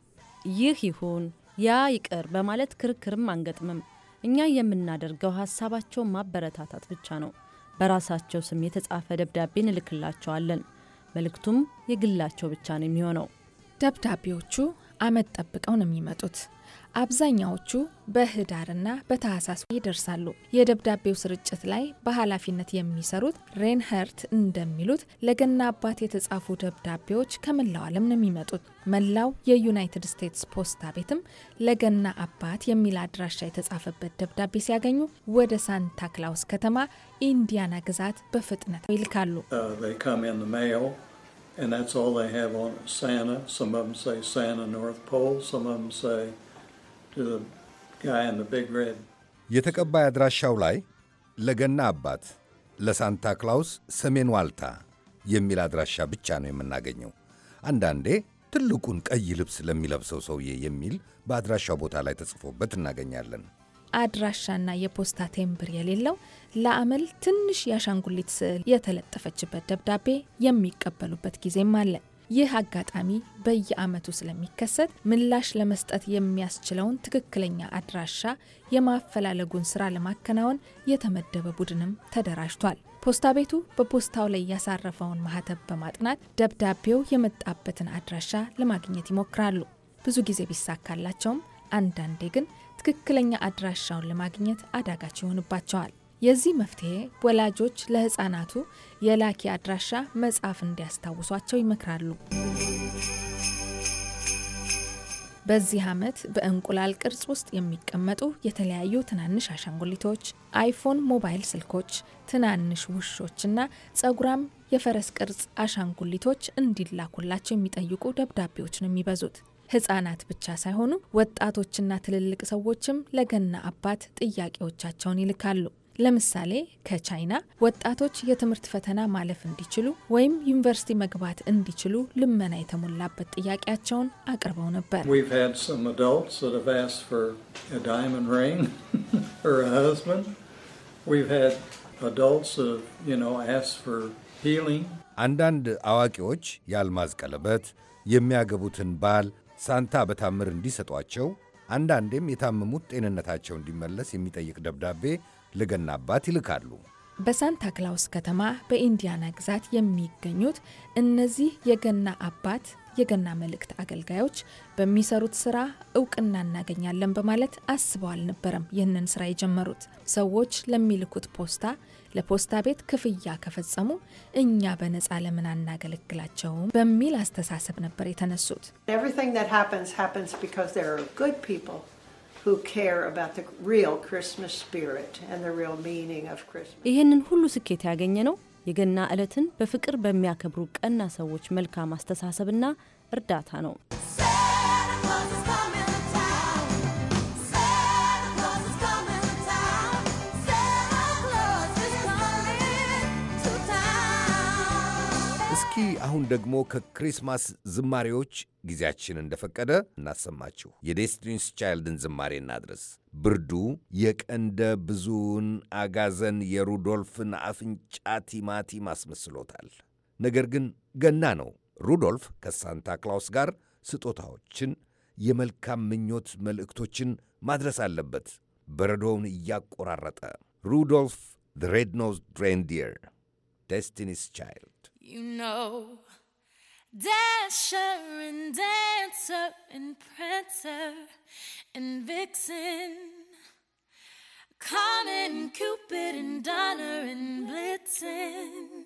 ይህ ይሁን ያ ይቅር በማለት ክርክርም አንገጥምም። እኛ የምናደርገው ሀሳባቸውን ማበረታታት ብቻ ነው። በራሳቸው ስም የተጻፈ ደብዳቤ እንልክላቸዋለን። መልእክቱም የግላቸው ብቻ ነው የሚሆነው። ደብዳቤዎቹ አመት ጠብቀው ነው የሚመጡት። አብዛኛዎቹ በህዳርና በታህሳስ ይደርሳሉ። የደብዳቤው ስርጭት ላይ በኃላፊነት የሚሰሩት ሬንኸርት እንደሚሉት ለገና አባት የተጻፉ ደብዳቤዎች ከመላው ዓለም ነው የሚመጡት። መላው የዩናይትድ ስቴትስ ፖስታ ቤትም ለገና አባት የሚል አድራሻ የተጻፈበት ደብዳቤ ሲያገኙ ወደ ሳንታ ክላውስ ከተማ ኢንዲያና ግዛት በፍጥነት ይልካሉ። uh, And that's all they have on Santa. Some of them say Santa North Pole. Some of them say የተቀባይ አድራሻው ላይ ለገና አባት ለሳንታ ክላውስ ሰሜን ዋልታ የሚል አድራሻ ብቻ ነው የምናገኘው። አንዳንዴ ትልቁን ቀይ ልብስ ለሚለብሰው ሰውዬ የሚል በአድራሻው ቦታ ላይ ተጽፎበት እናገኛለን። አድራሻና የፖስታ ቴምብር የሌለው ለአመል ትንሽ የአሻንጉሊት ስዕል የተለጠፈችበት ደብዳቤ የሚቀበሉበት ጊዜም አለን። ይህ አጋጣሚ በየዓመቱ ስለሚከሰት ምላሽ ለመስጠት የሚያስችለውን ትክክለኛ አድራሻ የማፈላለጉን ስራ ለማከናወን የተመደበ ቡድንም ተደራጅቷል። ፖስታ ቤቱ በፖስታው ላይ ያሳረፈውን ማህተብ በማጥናት ደብዳቤው የመጣበትን አድራሻ ለማግኘት ይሞክራሉ። ብዙ ጊዜ ቢሳካላቸውም፣ አንዳንዴ ግን ትክክለኛ አድራሻውን ለማግኘት አዳጋች ይሆንባቸዋል። የዚህ መፍትሄ ወላጆች ለህፃናቱ የላኪ አድራሻ መጽሐፍ እንዲያስታውሷቸው ይመክራሉ። በዚህ ዓመት በእንቁላል ቅርጽ ውስጥ የሚቀመጡ የተለያዩ ትናንሽ አሻንጉሊቶች፣ አይፎን ሞባይል ስልኮች፣ ትናንሽ ውሾችና ጸጉራም የፈረስ ቅርጽ አሻንጉሊቶች እንዲላኩላቸው የሚጠይቁ ደብዳቤዎች ነው የሚበዙት። ህጻናት ብቻ ሳይሆኑ ወጣቶችና ትልልቅ ሰዎችም ለገና አባት ጥያቄዎቻቸውን ይልካሉ። ለምሳሌ ከቻይና ወጣቶች የትምህርት ፈተና ማለፍ እንዲችሉ ወይም ዩኒቨርሲቲ መግባት እንዲችሉ ልመና የተሞላበት ጥያቄያቸውን አቅርበው ነበር። (laughs) አንዳንድ አዋቂዎች የአልማዝ ቀለበት፣ የሚያገቡትን ባል ሳንታ በታምር እንዲሰጧቸው፣ አንዳንዴም የታመሙት ጤንነታቸው እንዲመለስ የሚጠይቅ ደብዳቤ ለገና አባት ይልካሉ። በሳንታ ክላውስ ከተማ በኢንዲያና ግዛት የሚገኙት እነዚህ የገና አባት የገና መልእክት አገልጋዮች በሚሰሩት ስራ እውቅና እናገኛለን በማለት አስበው አልነበረም ይህንን ስራ የጀመሩት። ሰዎች ለሚልኩት ፖስታ ለፖስታ ቤት ክፍያ ከፈጸሙ እኛ በነፃ ለምን አናገለግላቸውም በሚል አስተሳሰብ ነበር የተነሱት። who care about the real Christmas spirit and the real meaning of Christmas. ይህንን ሁሉ ስኬት ያገኘ ነው የገና ዕለትን በፍቅር በሚያከብሩ ቀና ሰዎች መልካም አስተሳሰብና እርዳታ ነው። እስኪ አሁን ደግሞ ከክሪስማስ ዝማሬዎች ጊዜያችን እንደፈቀደ እናሰማችሁ። የዴስቲኒስ ቻይልድን ዝማሬ እናድረስ። ብርዱ የቀንደ ብዙውን አጋዘን የሩዶልፍን አፍንጫ ቲማቲም አስመስሎታል። ነገር ግን ገና ነው። ሩዶልፍ ከሳንታ ክላውስ ጋር ስጦታዎችን፣ የመልካም ምኞት መልእክቶችን ማድረስ አለበት። በረዶውን እያቆራረጠ ሩዶልፍ ዘ ሬድ ኖዝድ ሬንዲየር ዴስቲኒስ ቻይልድ you know. Dasher and Dancer and Prancer and Vixen, Comet and Cupid and Donner and Blitzen.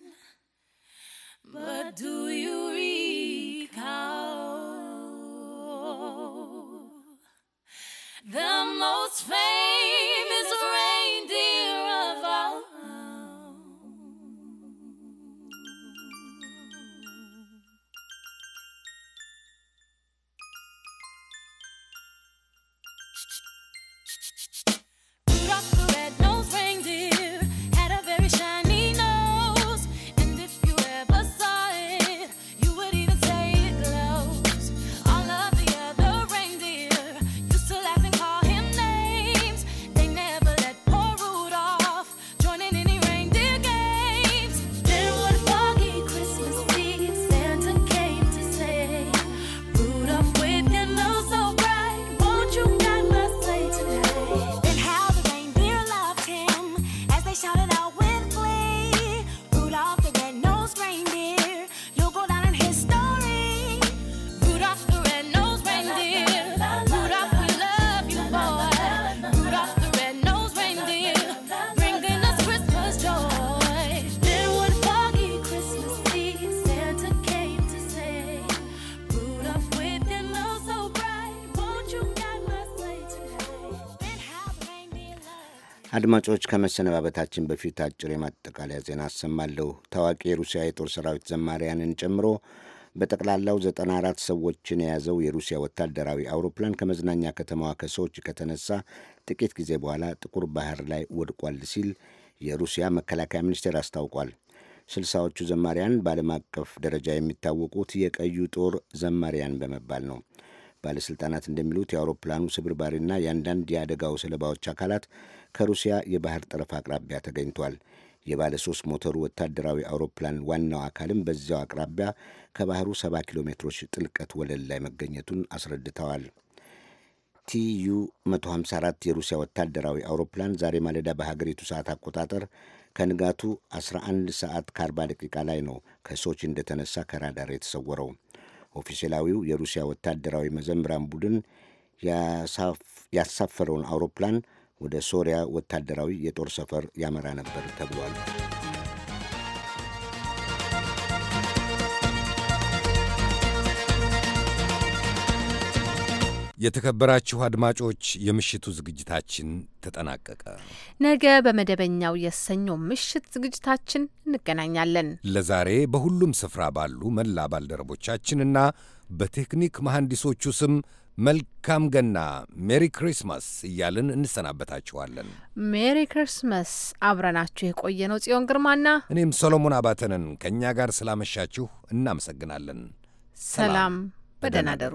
But do you recall the most famous? አድማጮች ከመሰነባበታችን በፊት አጭር የማጠቃለያ ዜና አሰማለሁ። ታዋቂ የሩሲያ የጦር ሰራዊት ዘማሪያንን ጨምሮ በጠቅላላው 94 ሰዎችን የያዘው የሩሲያ ወታደራዊ አውሮፕላን ከመዝናኛ ከተማዋ ከሰዎች ከተነሳ ጥቂት ጊዜ በኋላ ጥቁር ባህር ላይ ወድቋል ሲል የሩሲያ መከላከያ ሚኒስቴር አስታውቋል። ስልሳዎቹ ዘማሪያን በዓለም አቀፍ ደረጃ የሚታወቁት የቀዩ ጦር ዘማሪያን በመባል ነው። ባለሥልጣናት እንደሚሉት የአውሮፕላኑ ስብርባሪና የአንዳንድ የአደጋው ሰለባዎች አካላት ከሩሲያ የባህር ጠረፍ አቅራቢያ ተገኝቷል። የባለ ሶስት ሞተሩ ወታደራዊ አውሮፕላን ዋናው አካልም በዚያው አቅራቢያ ከባህሩ 70 ኪሎ ሜትሮች ጥልቀት ወለል ላይ መገኘቱን አስረድተዋል። ቲዩ 154 የሩሲያ ወታደራዊ አውሮፕላን ዛሬ ማለዳ በሀገሪቱ ሰዓት አቆጣጠር ከንጋቱ 11 ሰዓት ከ40 ደቂቃ ላይ ነው ከሶች እንደተነሳ ከራዳር የተሰወረው። ኦፊሴላዊው የሩሲያ ወታደራዊ መዘምራን ቡድን ያሳፈረውን አውሮፕላን ወደ ሶሪያ ወታደራዊ የጦር ሰፈር ያመራ ነበር ተብሏል። የተከበራችሁ አድማጮች የምሽቱ ዝግጅታችን ተጠናቀቀ። ነገ በመደበኛው የሰኞ ምሽት ዝግጅታችን እንገናኛለን። ለዛሬ በሁሉም ስፍራ ባሉ መላ ባልደረቦቻችንና በቴክኒክ መሐንዲሶቹ ስም መልካም ገና፣ ሜሪ ክሪስማስ እያልን እንሰናበታችኋለን። ሜሪ ክሪስማስ። አብረናችሁ የቆየ ነው ጽዮን ግርማና እኔም ሶሎሞን አባተንን። ከእኛ ጋር ስላመሻችሁ እናመሰግናለን። ሰላም፣ በደህና ደሩ።